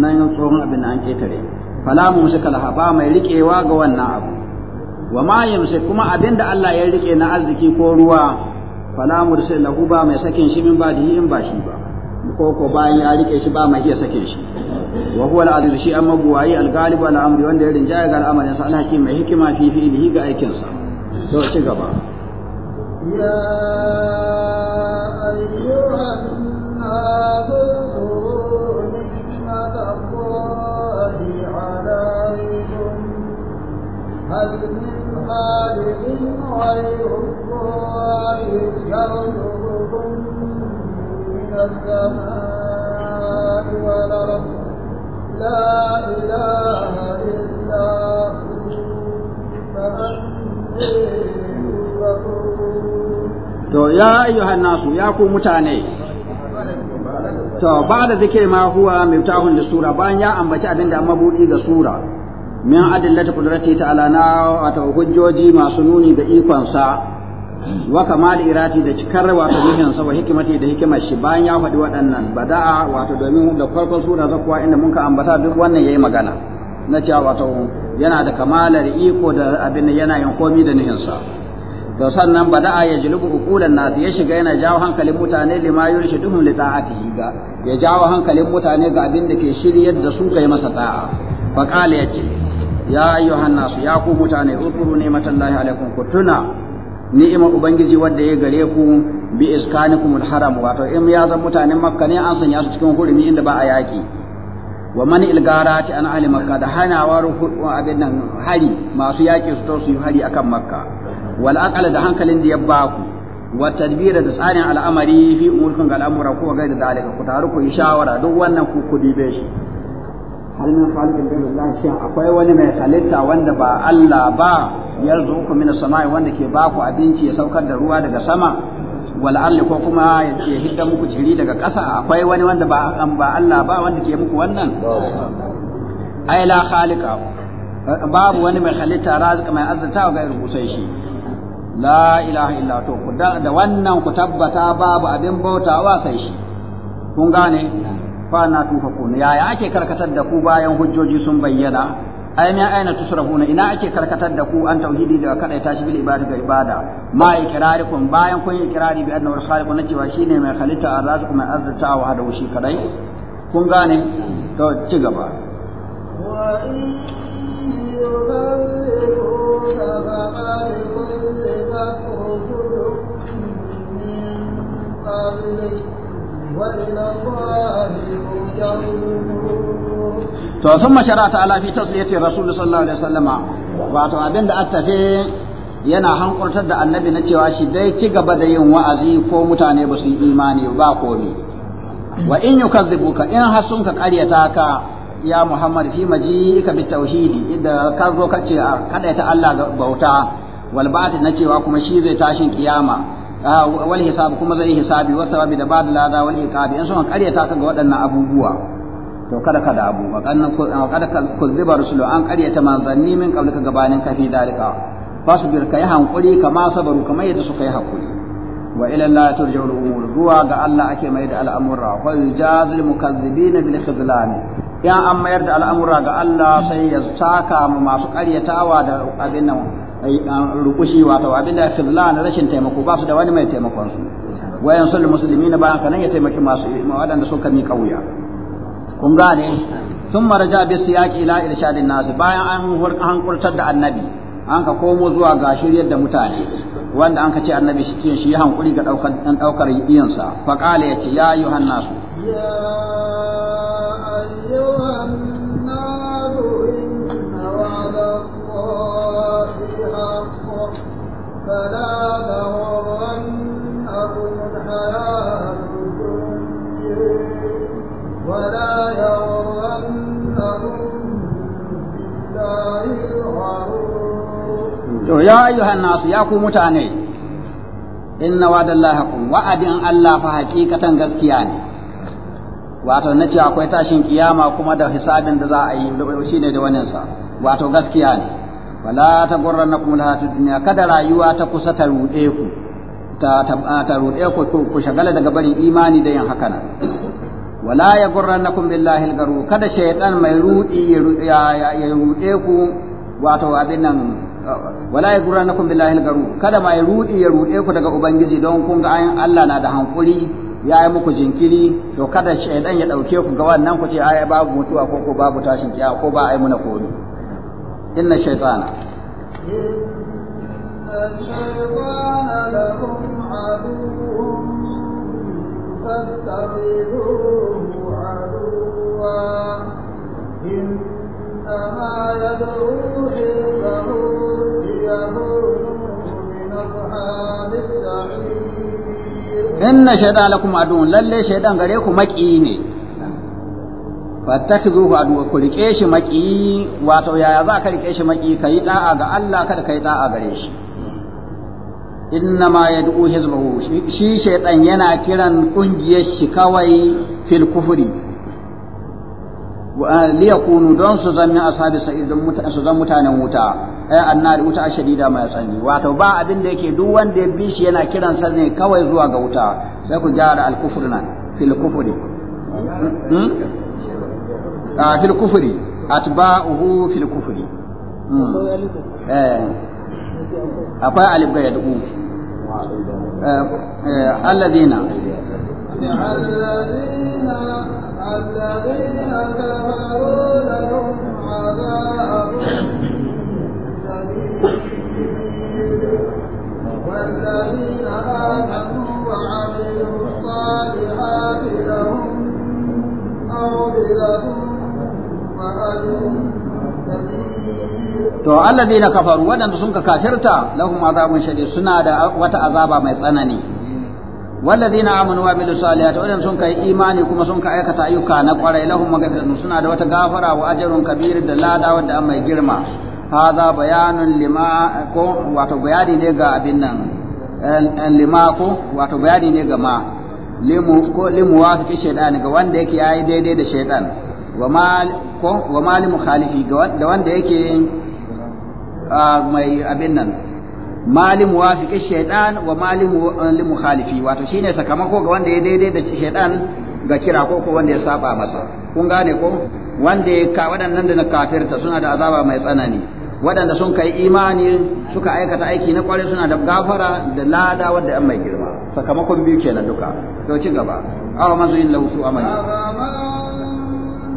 nan tsohon abin da an ketare fala mu shi ba mai riƙewa ga wannan abu wa ma yamsi kuma abin da Allah ya riƙe na arziki ko ruwa fala shi lahu ba mai sakin shi min ba da in ba shi ba ko ko bayan ya riƙe shi ba mai iya sake shi wa huwa al-adil shi amma al-galibu ala amri wanda ya rinjaya ga al'amarin sa al mai hikima fi fi'lihi ga aikinsa. sa to ci gaba ya ayyuhan هل من خالق غير الله يرزقكم من السماء لا هو To ya ayyuhan nasu ya ku mutane to ba da zikir ma huwa miftahun da sura bayan ya ambaci abin da mabudi ga sura min adillati qudrati ta'ala na wato hujjoji masu nuni ga ikon wa kamal irati da cikar wato nuhin sa wa hikimati da hikimar shi bayan ya faɗi waɗannan bada'a wato domin da farkon sura zakwa inda mun ka ambata duk wannan yayi magana na a wato yana da kamalar iko da abin yana yin da nuhin sa to sannan bada'a ya julubu ukulan nasu ya shiga yana jawo hankalin mutane lima yurshiduhum li ta'atihi ga ya jawo hankalin mutane ga abin da ke shiryar da su kai masa ta'a faqala yace ya ayyuhan nasu ya ku mutane uzkuru ni'matallahi alaikum ku tuna ni'imar ubangiji wanda ya gare ku bi iskanikumul haram wato in ya zan mutanen makka ne an sanya su cikin hurumi inda ba a yaki wa man ilgara ta an ahli makka da hanawar abin nan hari masu yaki su to su yi hari akan makka wal aqala da hankalin da ya baku, ku wa tadbira da tsarin al'amari fi umurkum ga al'amura ga da dalika ku taru ku yi shawara duk wannan ku kudi dibe shi hal min khaliqin ghayra Allah shin akwai wani mai halitta wanda ba Allah ba yarzuku min samai wanda ke ba ku abinci ya saukar da ruwa daga sama wal arli ko kuma ya hidda muku jiri daga ƙasa akwai wani wanda ba ba Allah ba wanda ke muku wannan ai la khaliqa babu wani mai halitta razika mai azzata ga sai shi la ilaha illa to da wannan ku tabbata babu abin bautawa sai shi kun gane fa na ne. yaya ake karkatar da ku bayan hujjoji sun bayyana ai min aina tusrafuna ina ake karkatar da ku an tauhidi da kada ta shi bil ibada ga ibada ma ikrarikum bayan kun yi ikrari bi annahu al-khaliq na cewa shine mai halitta arzakum mai azzata wa hada wushi kadai kun gane to ci gaba you. to sun mashara ta alafi tasliyatin rasul sallallahu alaihi wasallama wato abin da tafi yana hankurtar da annabi na cewa shi dai ci gaba da yin wa'azi ko mutane ba su yi imani ba komi wa in ka, in har sun ka karyata ka ya muhammad fi ka bi tauhidi inda ka zo ka ce ta Allah bauta walbati na cewa kuma shi zai tashin kiyama Ah, wal hisab kuma zai hisabi wa thawabi da ba'd lada wal iqabi in sun karyata ka ga waɗannan abubuwa to kada ka da abu kada ka kuzziba rusulu an karyata manzanni min qablika gabanin ka fi dalika fasbir kai hankuri kama sabaru kamar yadda suka yi hakuri wa ila Allah turja'ul umur zuwa ga Allah ake mai da al'amura wa yujazil mukazzibina bil khizlani ya an mayar da al'amura ga Allah sai ya saka mu masu karyatawa da abin nan rukushi wato abinda khidlan rashin taimako ba su da wani mai taimakon su wayan sul muslimina ba haka nan ya taimaki masu waɗanda suka mi kauya kun gane sun maraja bi siyaqi ila irshadin nasu, bayan an hankurtar da annabi an ka komo zuwa ga shiryar da mutane wanda an ka ce annabi shi ke shi hankuri ga daukar dan daukar iyansa fa ya ce ya yuhannasu ya فلا تغرنكم nasu الدنيا ولا يا أيها الناس يا كو متاني wa'adin Allah fa hakikatan gaskiya ne wato na ce akwai tashin kiyama kuma da hisabin da za a yi ne da waninsa wato gaskiya ne Wala ta gurra na kuma lahatu duniya kada rayuwa ta kusa ta ruɗe ku ta ta ruɗe ku ku shagala daga barin imani da yin haka nan wala ya gurra na kuma billahi algaru kada shaytan mai ruɗi ya ruɗe ku wato abin nan wala ya gurra na kuma billahi algaru kada mai ruɗi ya ruɗe ku daga ubangiji don kun ga Allah na da hankuri ya yi muku jinkiri to kada shaidan ya ɗauke ku ga wannan ku ce ai babu mutuwa ko ko babu tashin kiya ko ba ai muna komi inna shaytana فاتخذوه عدوا إنما يدعو حزبه ليكونوا من أصحاب السعير إن شيطان لكم عدو للي شيطان غريكم مكي ne fattakhizuhu adu ku rike shi maki wato yaya za ka rike shi maki kai da'a ga Allah kada kai da'a gare shi innama yad'u hizbuhu shi shaytan yana kiran kungiyar shi kawai fil kufri wa yakunu don su zanni ashabi sa'id don muta su zan mutanen wuta ay annari wuta shadida mai tsani wato ba abin da yake duk wanda ya bi shi yana kiran sa ne kawai zuwa ga wuta sai ku jara al kufrina fil kufri hmm? fil kufri atba'uhu fil kufri akwai alif ga yadu alladina alladina alladina kafaru lahum adabun والذين آمنوا وعملوا الصالحات لهم مغفرة to alladheena kafaru wadanda sun ka kafirta lahum azabun shadid suna da wata azaba mai tsanani walladheena amanu wa amilu salihati wadanda sun kai imani kuma sun ka aikata ayyuka na kwarai lahum maghfiratun suna da wata gafara wa ajrun kabir da lada wanda an mai girma hadha bayanun lima ko wato bayani ne ga abin nan eh, lima ko wato bayani ne ga ma limu ko limu wa fi shaytan ga wanda yake yayi daidai da shaytan wa mali mukhalifi da wanda yake mai abin nan mali muwafiqi shaytan wa mali mukhalifi wato shine sakamako ga wanda ya daidai da shaytan ga kira ko ko wanda ya saba masa kun gane ko wanda ya ka waɗannan da na kafirta suna da azaba mai tsanani waɗanda sun kai imani suka aikata aiki na kwarai suna da gafara da lada wanda an mai girma sakamakon biyu kenan duka to ci gaba awa mazuyin lahu su amali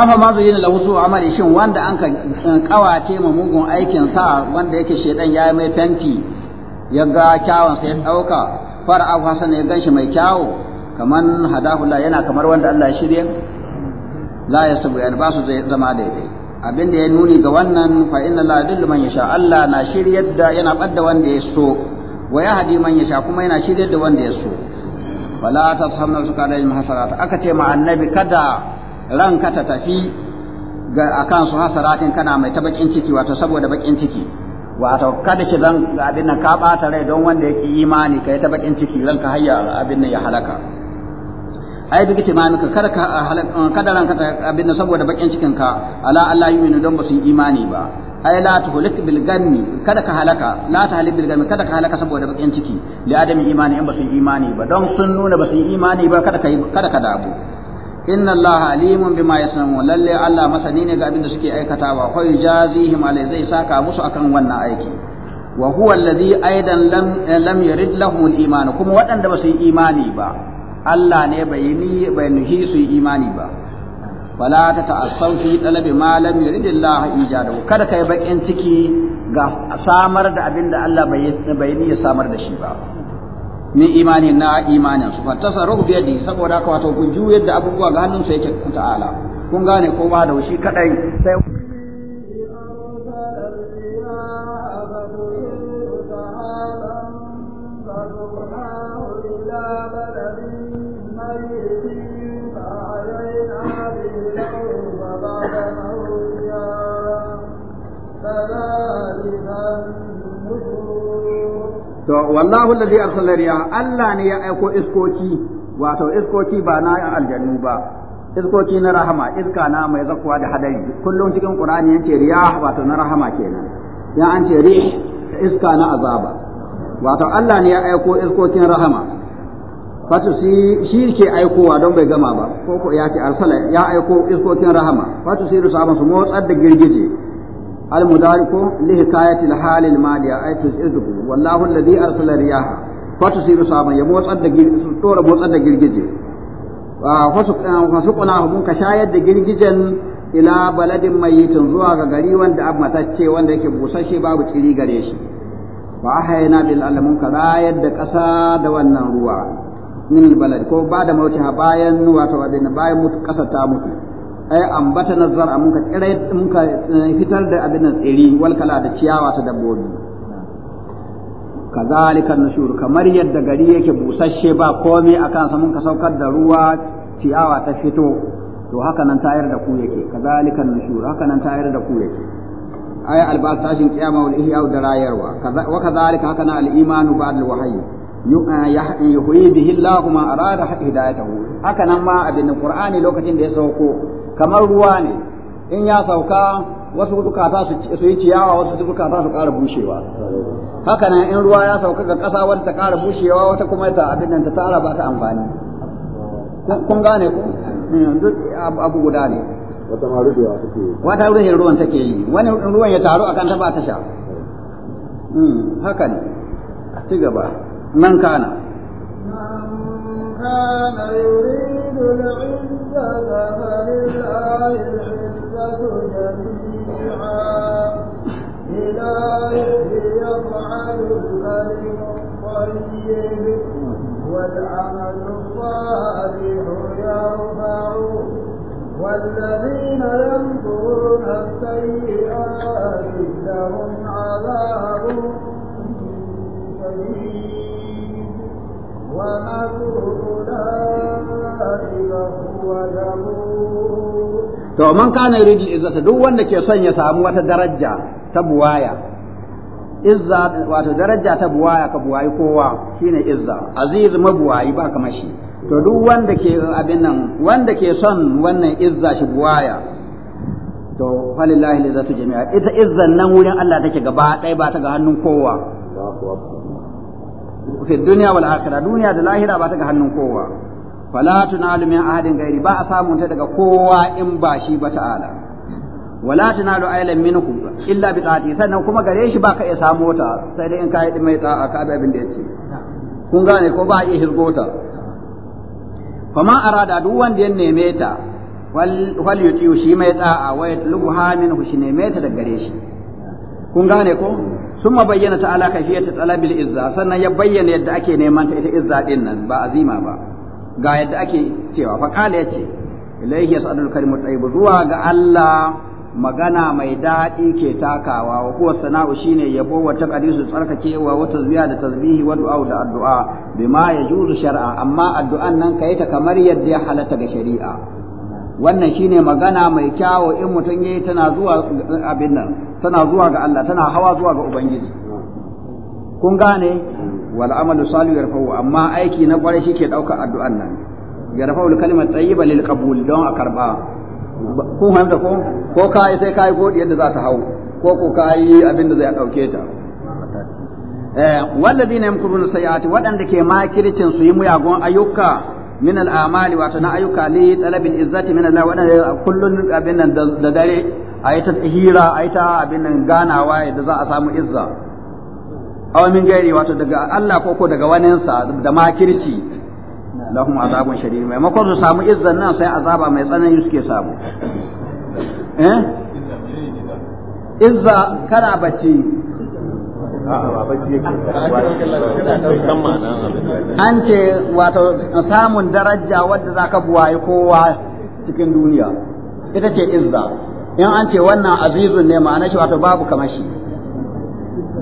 afa ma zai lahu su amali shin wanda an kawace eh, ma mugun aikin sa wanda yake shedan yayi mai fenti ya ga kyawun sai ya dauka far abu hasan ya ganshi mai kyawu kaman hadahu la yana kamar wanda Allah ya shirye la sabu yana ba su zama daidai abin da ya nuni ga wannan fa inna la yadullu man yasha Allah na shiryar da yana badda wanda ya so wa yahdi man yasha kuma yana shirya da wanda ya so wala su suka da hasarata aka ce ma annabi kada ranka ta tafi ga akan su hasaratin kana mai ta bakin ciki wato saboda bakin ciki wato kada ki zan abin nan ka bata rai don wanda yake imani kai ta bakin ciki ranka hayya abin nan ya halaka ai bi kitima maka kada ka kada ranka ta abin nan saboda bakin cikin ka ala Allah yuminu don ba su yi imani ba ai la tuhlik bil gammi kada ka halaka la tahlik bil gammi kada ka halaka saboda bakin ciki li adami imani in ba su yi imani ba don sun nuna ba su yi imani ba kada ka kada ka dabu inna allaha alimun bima yasnamu lalle Allah masani ne ga abin da suke aikatawa fa yujazihim alai zai saka musu akan wannan aiki wa huwa alladhi aidan lam eh, lam yurid lahum kuma waɗanda ba su yi imani ba Allah ne bai ni bai nuhi su yi imani ba fala ta ta'assaw fi talabi ma lam yurid Allah ijadahu kada kai bakin ciki ga samar da abin da Allah bai bai ni samar da shi ba min imanin na imanin su fatasarrufu bi yadi saboda haka wato ku juyar abubuwa ga hannun sa yake ta'ala kun gane kowa da shi kadai sai to wallahu alladhi arsala riya Allah ne ya aiko iskoki wato iskoki ba na aljannu ba iskoki na rahama iska na mai zakuwa da hadari kullum cikin qur'ani yace riya wato na rahama kenan ya an ce rih iska na azaba wato Allah ne ya aiko iskokin rahama fatu si shi ke aikowa don bai gama ba ko ko ya ce arsala ya aiko iskokin rahama fatu siru sahaban su motsar da girgije المدارك لحكاية الحال المالية أي تجئزه والله الذي أرسل الرياح فتصيب صعبا يموت أدى تورا موت أدى جلجزي فسقناه منك شايد جلجزا إلى بلد ميت زوا غري وند أب متاتشي وند يكي بوساشي باب تشيري غريشي فأحينا بالألم منك رايد كسا دوانا روا من البلد كو بعد موتها باين واتوا بين باين موت كسا تاموتي ai ambata nazar mun ka tsirai mun ka eh, fitar da abin nan tsiri wal da ciyawa ta dabbobi kazalika nushur kamar yadda gari yake busasshe ba komai akan sa mun ka saukar da ruwa ciyawa ta fito to haka nan tayar da ku yake kazalika nushur haka nan tayar da ku yake ai albasashin kiyama wal ihya da rayarwa wa kazalika haka nan al imanu ba'd al wahyi eh, yuhyi bihi Allah ma arada hidayatahu haka nan ma abin Qur'ani lokacin da ya sauko kamar ruwa ne in ya sauka wasu dukata su yi ciyawa wasu dukata su ƙara bushewa haka nan in ruwa ya sauka ga ƙasa wata ta ƙara bushewa wata kuma ta abin nan ta tara ba ta amfani kun gane ku hmm, duk abu guda ne wata ma take yi wata ruhin ruwan take yi wani ruwan ya taru akan ta ba ta sha hmm, haka ne ci gaba nan kana كان يريد العزة فلله العزة جميعا إلهي يفعل الملك الطيب والعمل الصالح يرفع والذين يمكرون السيئات لهم عذاب شديد to man kana yuridu izzata duk wanda ke son ya samu wata daraja ta buwaya izza wato daraja ta buwaya ka buwayi kowa shine izza aziz mabuwayi ba kamar shi to duk wanda ke abin nan wanda ke son wannan izza shi buwaya to falillahi lizzatu jami'a ita izzan nan wurin Allah take gaba ɗaya ba ta ga hannun kowa fi duniya wal akhira duniya da lahira ba ta ga hannun kowa fala tunalu min ahadin gairi ba a samu ta daga kowa in ba shi ba ta'ala wala tunalu aylan minkum illa bi ta'ati sannan kuma gare shi ba ka iya samu ta sai dai in ka yi mai ta'a ka bi abin da yace kun gane ko ba a iya hirgota kuma arada duk wanda ya neme ta wal yutiyu shi mai ta'a wa yatlubuha minhu shi neme ta daga gare shi kun gane ko sun ma bayyana ta'ala kafiyatu talabil izza sannan ya bayyana yadda ake neman ta ita izza din nan ba azima ba ga yadda ake cewa fa qala yace ilayhi yas'alul karimu zuwa ga Allah magana mai daɗi ke takawa wa kuwa sana'u shine yabo wa taqdisu tsarkakewa wa tasbiha da tasbihi wa du'a da addu'a bima yajuzu shari'a, amma addu'an nan kai ta kamar yadda ya halatta ga shari'a wannan shine magana mai kyawo in mutum yayi tana zuwa abin nan tana zuwa ga Allah tana hawa zuwa ga ubangiji kun gane wal amalu salihu yarfa'u amma aiki na kwarai shike dauka addu'an nan yarfa'u kalimat tayyiba lil qabul don a karba kun fahimta ko ko kai sai kai godi yadda za ta hau ko ko kai abin da zai dauke ta eh walladina yamkuruna sayati wadanda ke makircin su yi muyagon ayyuka min al'amali wato na ayyuka li talabin izzati min Allah wadanda kullun abin nan da dare ayi ta hira ayi ta abin nan ganawa da za a samu izza aw min gairi wato daga Allah ko ko daga wani waninsa da makirci lahum azabun shadid maimakon su samu izzan nan sai azaba mai tsanani suke samu eh izza kana bacci an ce wato samun daraja wadda za ka buwaye kowa cikin duniya ita ce izza in an ce wannan azizun ne ma'ana shi wato babu kamar shi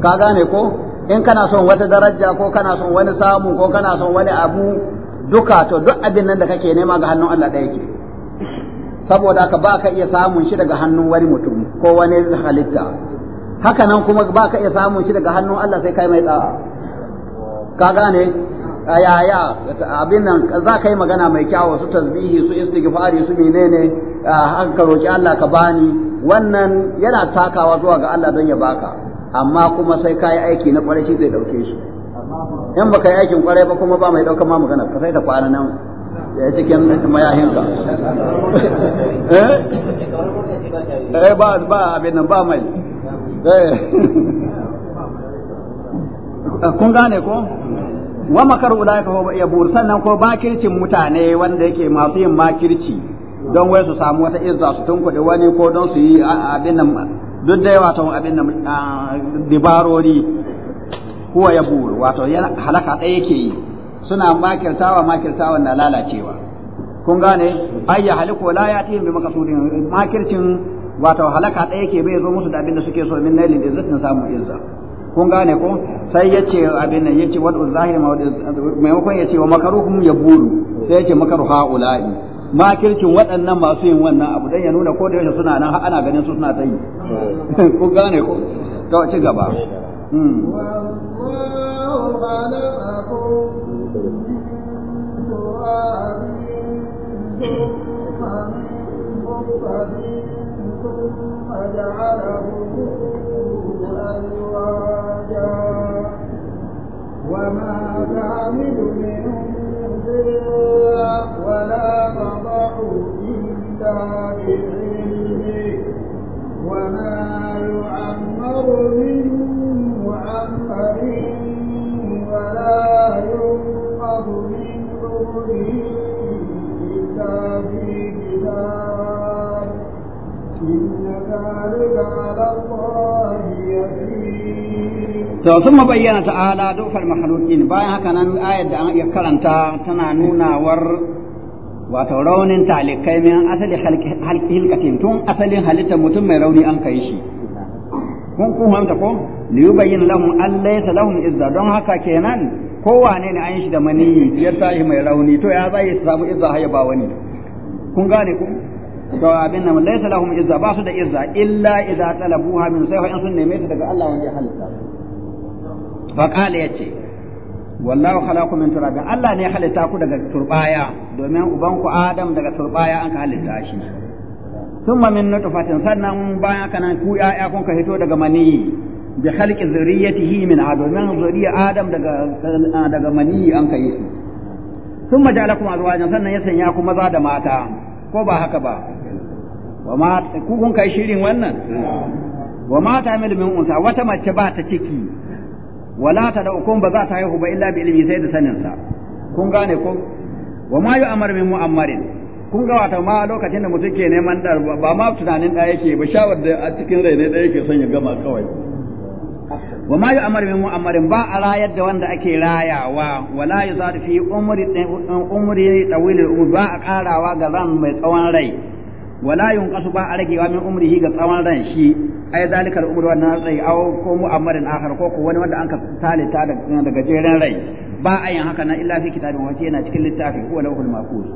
ka gane ko in kana son wata daraja ko kana son wani samu ko kana son wani abu duka to duk abin nan da kake nema ga hannun Allah ɗaya ke saboda ka ba ka iya samun shi daga hannun wani mutum ko wani halitta haka nan kuma ba ka iya samun shi daga hannun Allah sai kai mai tsawa ka gane yaya abin nan za ka yi magana mai kyawu su tasbihi su istighfari su menene haka ka roki Allah ka bani wannan yana takawa zuwa ga Allah don ya baka amma kuma sai ka yi aiki na kwarai shi zai dauke shi in baka yi aikin kwarai ba kuma ba mai dauka ma magana ka sai ta kwana nan cikin mayahinka eh, eh ba abin nan ba mai Eh. kun gane ko wa makar ulaika ya yabur sannan ko bakircin mutane wanda yake masu yin makirci don wai su samu wata izza su tunkuɗe wani ko don su yi abin nan duk da wato abin nan dibarori ya buru wato yana halaka ɗaya yake yi suna makirtawa makirtawa na lalacewa kun gane ayya haliku la yatihim bi makasudin makircin wato halaka ɗaya ke bai zo musu da abin da suke so min nailin izzatin samu izza kun gane ko sai ya ce abin nan yace wadu zahir ma maimakon ya ce wa makaruhum yabulu sai ya ce makaru haula'i makircin waɗannan masu yin wannan abu dan ya nuna ko da yaushe suna nan ana ganin su suna ta yi kun gane ko to ci gaba Thank you. فجعلهم أزواجا وما تعمل من ولا تضع إلا بعلمه وما يعمر من معمر ولا ينقض من عمره إلا في كتاب ذلك على To sun bayyana ta'ala dokar mahalukin bayan haka nan ayar da an iya karanta tana nunawar wato raunin talikai min asali halkatin tun asalin halitta mutum mai rauni an kai shi. Kun kun hamta ko? Liyu bayyana lahum allaysa lahum izza don haka kenan kowane ne an shi da mani ya tashi mai rauni to ya zai samu izza haya ba wani. Kun gane ku? to abin nan laysa lahum izza ba su da izza illa idza talabuha min sai in sun neme ta daga Allah wanda ya halitta fa qala yace wallahu khalaqakum min turabin Allah ne ya halitta ku daga turbaya domin uban ku Adam daga turbaya an ka halitta shi thumma min nutfatin sannan bayan ka nan ku ya'ya kun ka hito daga mani bi khalqi zurriyyatihi min Adam domin zuriya Adam daga daga mani an ka yi su thumma ja'alakum azwajan sannan ya sanya ku maza da mata ko ba haka ba wa ma ku kun kai shirin wannan wa ma ta mil min unsa wata mace ba ta ciki wala ta da ukun ba za ta haihu ba illa bi ilmi sai da sanin sa kun gane ko wa ma yu'amar min mu'ammarin kun ga wata ma lokacin da mutum ke neman dar ba ma tunanin da yake ba shawar da a cikin rai ne da yake son ya gama kawai wa ma yu'amar min mu'ammarin ba a rayar da wanda ake rayawa wala yuzar fi umri umri tawil ba a karawa ga ran mai tsawon rai wala yunqasu ba a ragewa min umrihi ga tsawon ran shi ai zalikal umru wannan rai aw ko mu'ammarin akhar ko ko wani wanda an ka talita daga jeren rai ba a yin haka na illa fi kitabin wace yana cikin littafi ko lawhul mahfuz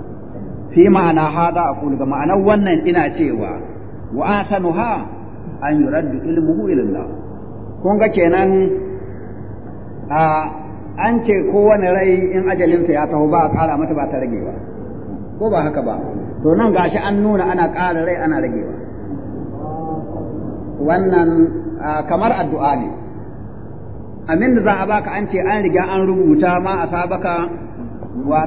fi ma'ana hada aqulu ga ma'anar wannan ina cewa wa asanuha an yuraddu ilmuhu ila Allah kun ga kenan an ce ko Wani rai in ajalinsa ya taho ba a kara mata ba ta ragewa ko ba haka ba to nan gashi an nuna ana ƙara rai ana ragewa wannan kamar addu'a ne amin da za a baka an ce an riga an rubuta ma a sabaka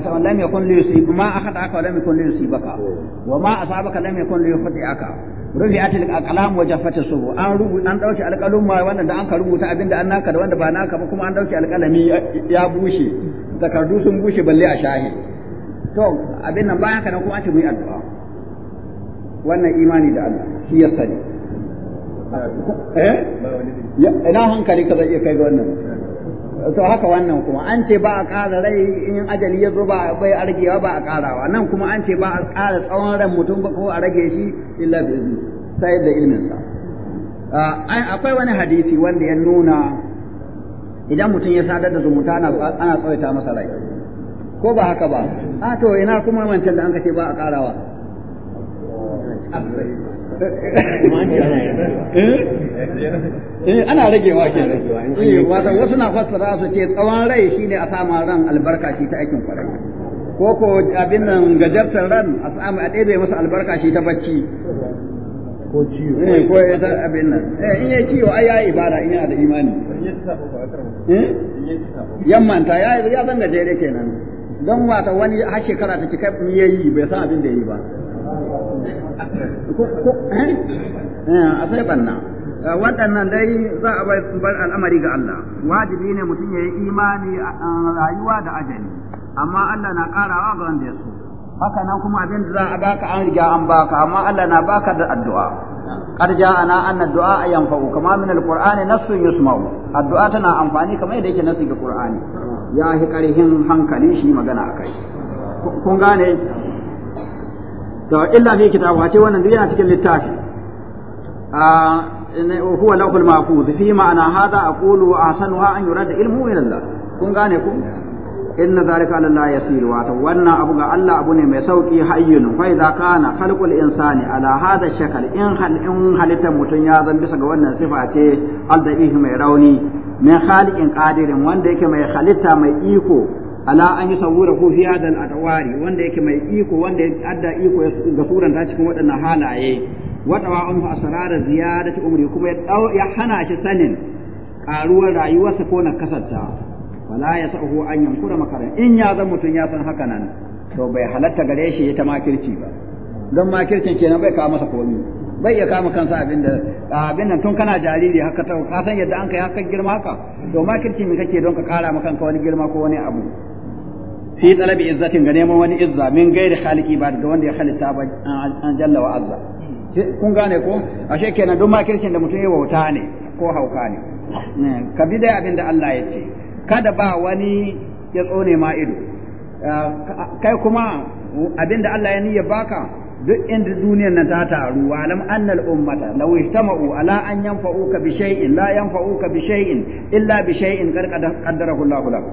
ta lam yakun li yusib ma akhata aka lam yakun li yusibaka wa ma asabaka lam yakun li aka rubi atil aqlam wa jaffat subu an rubu an dauki alqalam ma wanda an ka rubuta abinda an naka da wanda ba naka ba kuma an dauki alqalami ya bushe takardu sun bushe balle a shahi to abin nan bayan kana kuma an ce mu yi addu'a wannan imani da Allah shi ya sani eh ina hankali ka zai iya kai ga wannan to haka wannan kuma an ce ba a ƙara rai in ajali ya zo ba bai argewa ba a ƙarawa nan kuma an ce ba a ƙara tsawon ran mutum ba ko a rage shi illa bi izni sai da ilmin sa akwai wani hadisi wanda ya nuna idan mutum ya sadar da zumunta ana tsawaita masa rai ko ba haka ba a to ina kuma mancan da an kace ba a karawa eh ana ragewa ke eh, wata wasu na fassara su ce tsawon rai shine a sama ran albarka shi ta aikin kwarai ko ko abin nan gajartar ran a samu a ɗebe masa albarka shi ta bacci ko ciwo eh ko ya ta abin nan eh in ya ciwo ai yayi ibada in yana da imani in ya eh? yamman ta ya ya zanga jere kenan don wata wani har shekara ta cika ya yi bai san abin da ya yi ba eh? eh, a sai banna eh, waɗannan dai za a bar al'amari ga Allah wajibi ne mutum ya yi imani rayuwa da ajali amma Allah na karawa ga wanda ya so haka nan kuma abin da za a baka an riga an baka amma Allah na baka da addu'a قد جاءنا أن الدعاء ينفع كما من القرآن نص يسمع الدعاء تنا أنفاني كما يديك نص القرآن Yahi fi ƙarfin hankali shi magana a kai kun gane to illa fi kitabu wace wannan duk yana cikin littafi huwa lahul mahfuz fi ma'ana hada a ahsanuha an yurada ilmu ila Allah kun ku inna zalika ala Allah yasir wato wannan abu ga Allah abu ne mai sauki hayyun fa idza kana khalqul insani ala hada shakal in hal in halitta mutun ya zan bisa ga wannan sifa ce aldabihi mai rauni min khaliqin qadirin wanda yake mai halitta mai iko ala an yi sawura ko fi hada al-adwari wanda yake mai iko wanda ya adda iko ga suranta cikin waɗannan halaye wadawa an fa asrara ziyadati umri kuma ya hana shi sanin karuwar rayuwarsa ko na kasarta wala ya sa'uhu an yankura makaran in ya zan mutum ya san haka nan to bai halatta gare shi ya ta makirci ba don makircin kenan bai kawo masa komi bai ya kama kansa abin da abin nan tun kana jariri haka ta ka san yadda an kai haka girma haka to makirci me kake don ka kara maka kanka wani girma ko wani abu fi talabi izzatin ga neman wani izza min gairi khaliqi ba ga wanda ya halitta ba an jalla wa azza kun gane ko ashe kenan don makircin da mutum ya wauta ne ko hauka ne hmm, ka bi dai abin da Allah ya ce kada ba wani ya tsone ma ido ah, kai kuma abinda Allah ya niyya baka duk inda duniyar nan ta taru wa alam annal ummata law ijtama'u ala an yanfa'uka bi shay'in la yanfa'uka bi shay'in illa bi shay'in qad qaddarahu Allahu lak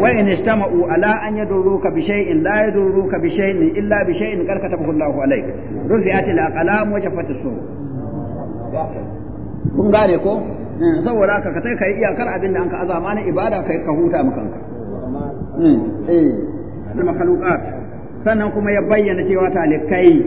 wa in ijtama'u ala an yadurruka bi shay'in la yadurruka bi shay'in illa bi shay'in qad katabahu Allahu alayk rufi'atil aqlam wa jafatis sur kun gane ko saboda haka kai kai iyakar abinda a anka azama na ibada kai ka huta maka hmm, eh da sannan kuma ya bayyana cewa talikai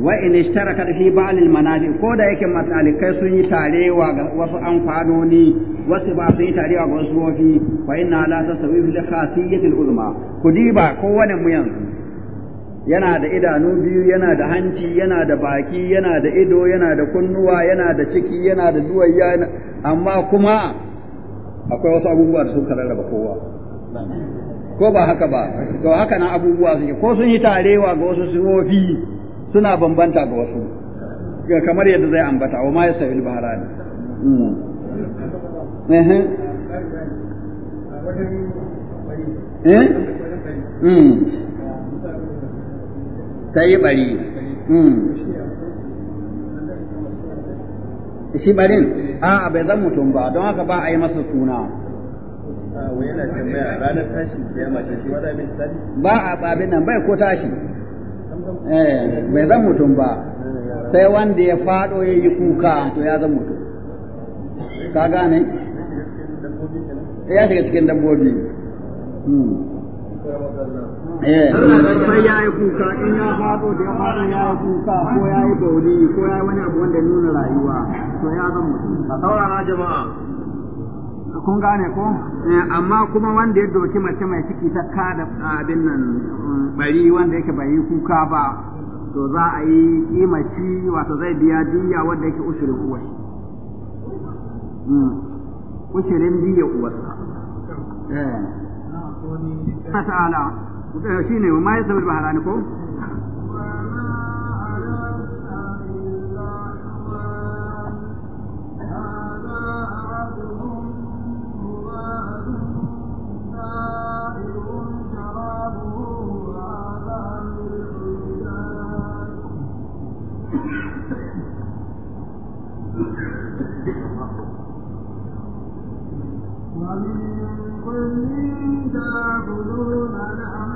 wa in ishtaraka fi ba'd al ko da yake matalikai sun yi tarewa ga wasu amfanoni wasu ba sun yi tarewa ga wasu wofi fa inna la tasawi bi khasiyyati al-uzma ku diba kowane mu yanzu yana da idanu biyu yana da hanci yana da baki yana da ido yana da kunnuwa yana da ciki yana da duwayya amma kuma akwai wasu abubuwa da sun rarraba kowa ko ba haka ba to haka nan abubuwa suke ko sun yi tarewa ga wasu sifofi suna bambanta ga wasu kamar yadda zai ambata wa ma yasabil baharani hmm. eh eh sai yi bari hmm. shi barin a bai zan mutum ba don haka ba a yi masa suna ah, ba a babin nan bai ko tashi eh, bai zan mutum ba sai wanda ya fado ya yi kuka to ya zan mutum ka gane ya shiga cikin dabbobi Eh. sai ya yi kuka in ya faɗo da ya faɗo ya yi kuka ko ya yi bauli ko ya yi wani abu wanda nuna rayuwa to ya zama mutum a saurara jama'a kun gane ko eh, amma kuma wanda ya doki mace mai ciki ta kada abin nan um, bari wanda yake bai yi kuka ba to za a yi kima shi wato zai biya diya wanda yake ushirin uwar hmm. ushirin diya uwarsa ta'ala eh. shine ma ya zama baharani ko ومن كل تأكلون لحما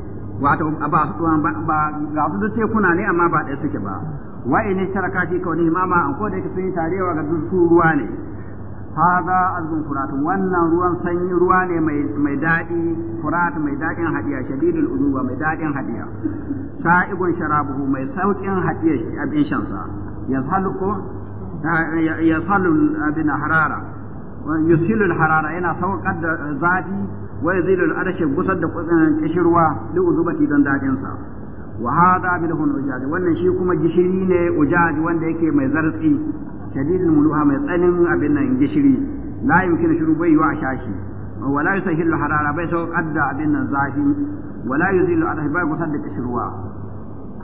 wato ba ba ga duk tekuna ne amma ba ɗaya suke ba wa in sharaka fi kauni an ko da yake sun yi tarewa ga duk ruwa ne hada azbun furat wannan ruwan sanyi ruwa ne mai mai daɗi furat mai daɗin hadiya shadidul uduba mai daɗin hadiya sharabuhu mai saukin hadiya abin yazhalu abin harara harara yana saukar da zafi wa zai al-arshi gusar da kishirwa duk uzubati don dadin sa wa hada bil hunujaj wannan shi kuma gishiri ne ujaj wanda yake mai zartsi shadidul muluha mai tsanin abin nan gishiri la yumkinu shurubai wa ashashi wa la yusahhilu harara bai sau adda abin nan zafi wa la yuzilu al-arshi bai gusar da kishirwa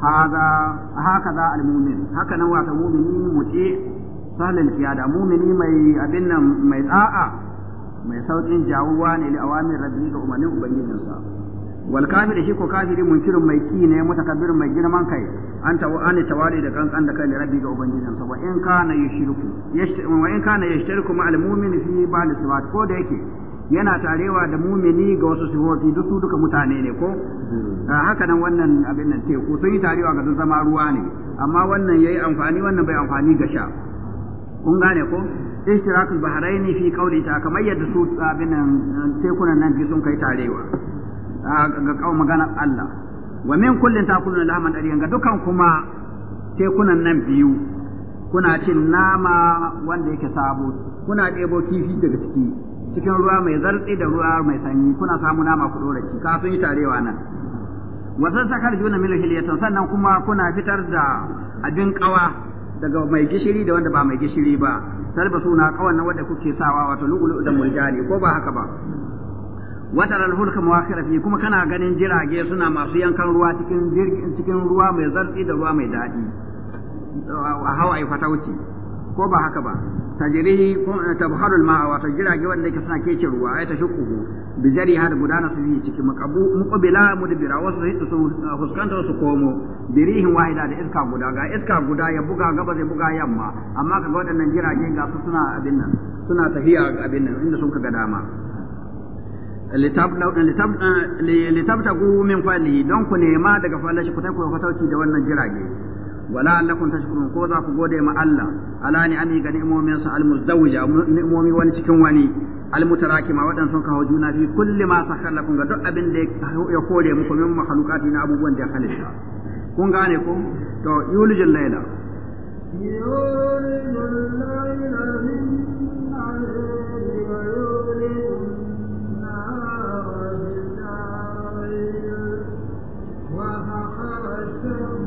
hada hakaza al-mu'min haka nan wa ta mu'mini muti sahlal qiyada mu'mini mai abin nan mai tsa'a. mai saukin jawuwa ne li awamin rabbi ga umarnin ubangijinsa wal kafir shi ko kafiri munkirin mai ki ne mutakabbirin mai girman kai an tawa an tawali da kankan da kai rabbi ga ubangijinsa wa in kana yushriku wa in kana yashtariku ma al mu'min fi ba'd sifat ko da yake yana tarewa da mumini ga wasu sifofi duk su duka mutane ne ko hmm. ah, haka nan wannan abin nan teku sun yi tarewa ga zama ruwa ne amma wannan yayi amfani wannan bai amfani ga sha kun gane ko ishtirakul bahraini fi qawli ta kamar yadda su abin tekunan nan biyu sun kai tarewa ga kawo magana Allah wa min kullin takuluna lahman dariyan ga dukan kuma tekunan nan biyu kuna cin nama wanda yake sabo kuna ɗebo kifi daga ciki cikin ruwa mai zartsi da ruwa mai sanyi kuna samu nama ku dora ka sun yi tarewa nan wasan sakar juna min hiliyatan sannan kuma kuna fitar da abin kawa daga mai gishiri da wanda ba mai gishiri ba talba suna na wanda kuke sawa wato lu'ulu da murjani ko ba haka ba wadar alhulka muakhira fi kuma kana ganin jirage suna masu yankan ruwa cikin jirgin cikin ruwa mai zartsi da ruwa mai daɗi a hawaye fatauci ko ba haka ba tajrihi tabharul ma'a wato jirage wanda yake suna kece ruwa ai tashaqquhu bi jariha da gudana su yi cikin maqabu muqabila mudbira wasu su su huskanta su komo birihin wahida da iska guda ga iska guda ya buga gaba zai buga yamma amma kaga waɗannan jirage ga su suna abin nan suna tafiya abin nan inda sun kaga dama litabtagu min kwali don ku nema daga falashi ku ku fatauci da wannan jirage wala allakum tashkurun ko za ku gode ma Allah ala ni'ami ga ni'imomin sa almuzawija ni'imomi wani cikin wani almutarakima wadan sun kawo juna fi kulli ma sakhalakum ga duk abin da ya kore muku min makhluqati na abubuwan da ya halitta kun gane ko to layla yulijul layla Thank you.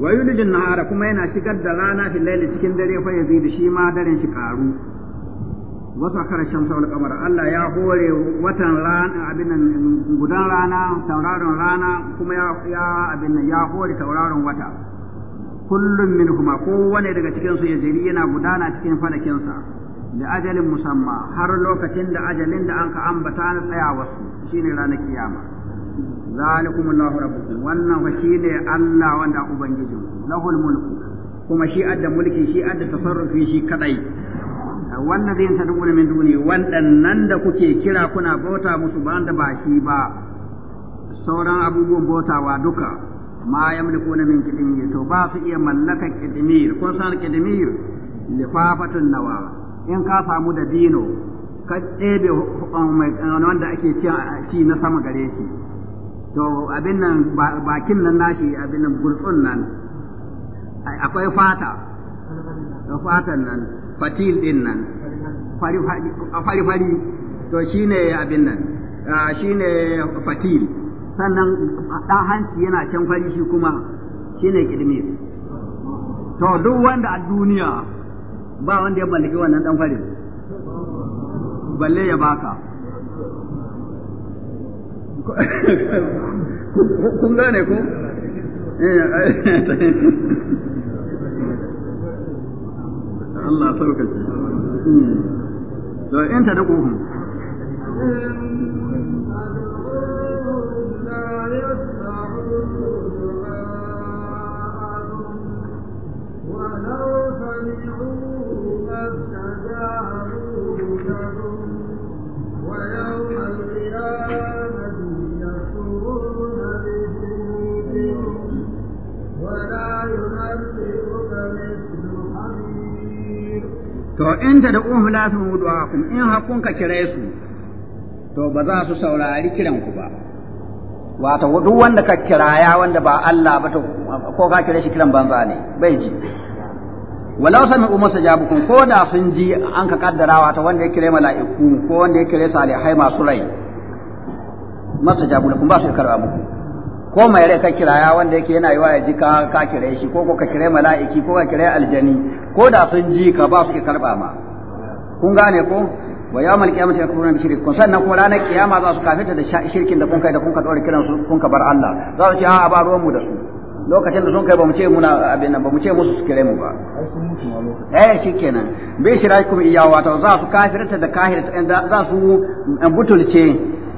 wa yulidin nahara kuma yana shigar da rana fi laili cikin dare fa da shi ma daren shi karu wa sakara shamsa wal qamar Allah ya hore watan rana abin nan gudan rana tauraron rana kuma ya ya abin ya hore tauraron wata kullum minhuma kowane daga cikin su jiri yana gudana cikin falakinsa da ajalin musamma har lokacin da ajalin da anka ambata na tsayawa wasu shine ranar kiyama zalikum Allahu rabbukum wannan fa ne Allah wanda ubangijin lahul mulku kuma shi adda mulki shi adda tasarrufi shi kadai wannan zai taduna min duni waɗannan da kuke kira kuna bauta musu ba da ba shi ba sauran abubuwan bautawa duka ma na min kidimir to ba su iya mallakar kidimir ko san kidimir lifafatun nawa in ka samu da dino ka ɗebe um, wanda ake ci na sama gare shi to abin nan bakin nan nashi abin nan gulfin nan akwai fata da fatan nan fatil din nan fari-fari to shine abin nan ah, shine fatil sannan ɗan hanci yana can fari shi kuma shine kidmir to duk wanda a duniya ba wanda ya mallaki wannan ɗan farin balle ya baka kun gane ku eh, Allah sauƙaƙe hmm. to in ta da kuhu to in ta da uhum la su kun in hakun ka kire su to ba za su saurari kiran ku ba wato duk wanda ka kiraya wanda ba Allah ba to ko ka kira shi kiran banza ne bai ji walau sami umar su kun ko da sun ji an ka kaddara wato wanda ya kire mala'iku ko wanda ya kire salihai masu rai masu kun ba su karba muku ko mai rai ka kiraya wanda yake yana yiwa ya ji ka ka kire shi ko ko ka kire mala'iki ko ka kire aljani ko da sun ji ka ba su ki karba ma kun gane ko wa ya yawmal qiyamati yakfuruna bi shirkikum sannan kuma ranar kiyama za su kafirta da shirkin da kun kai da kun ka dore kiran su kun ka bar Allah za su ce a ba ruwan mu da su lokacin da sun kai ba mu ce muna abin nan ba mu ce musu su kire mu ba eh shikenan bi shirkikum iyawa ta za su kafirta da kahirta eh, za su butulce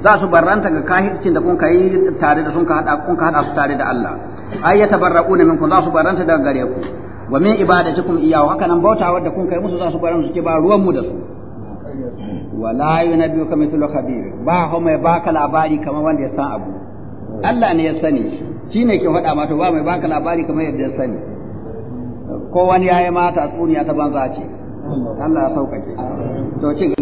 za su barranta ga kahircin da kun kai tare da sun ka hada kun ka hada su tare da Allah ay yatabarrauna minkum za su barranta daga gare ku wa min ibadatikum iyyahu haka nan bauta wadda kun kai musu za su bar su ce ba ruwan mu da su wala yunabbiuka mithlu khabir ba ho mai baka labari kamar wanda ya san abu Allah ne ya sani shine ke faɗa mata ba mai baka labari kamar yadda ya sani ko wani yayi mata tsuniya ta banza ce Allah ya sauƙaƙe to ce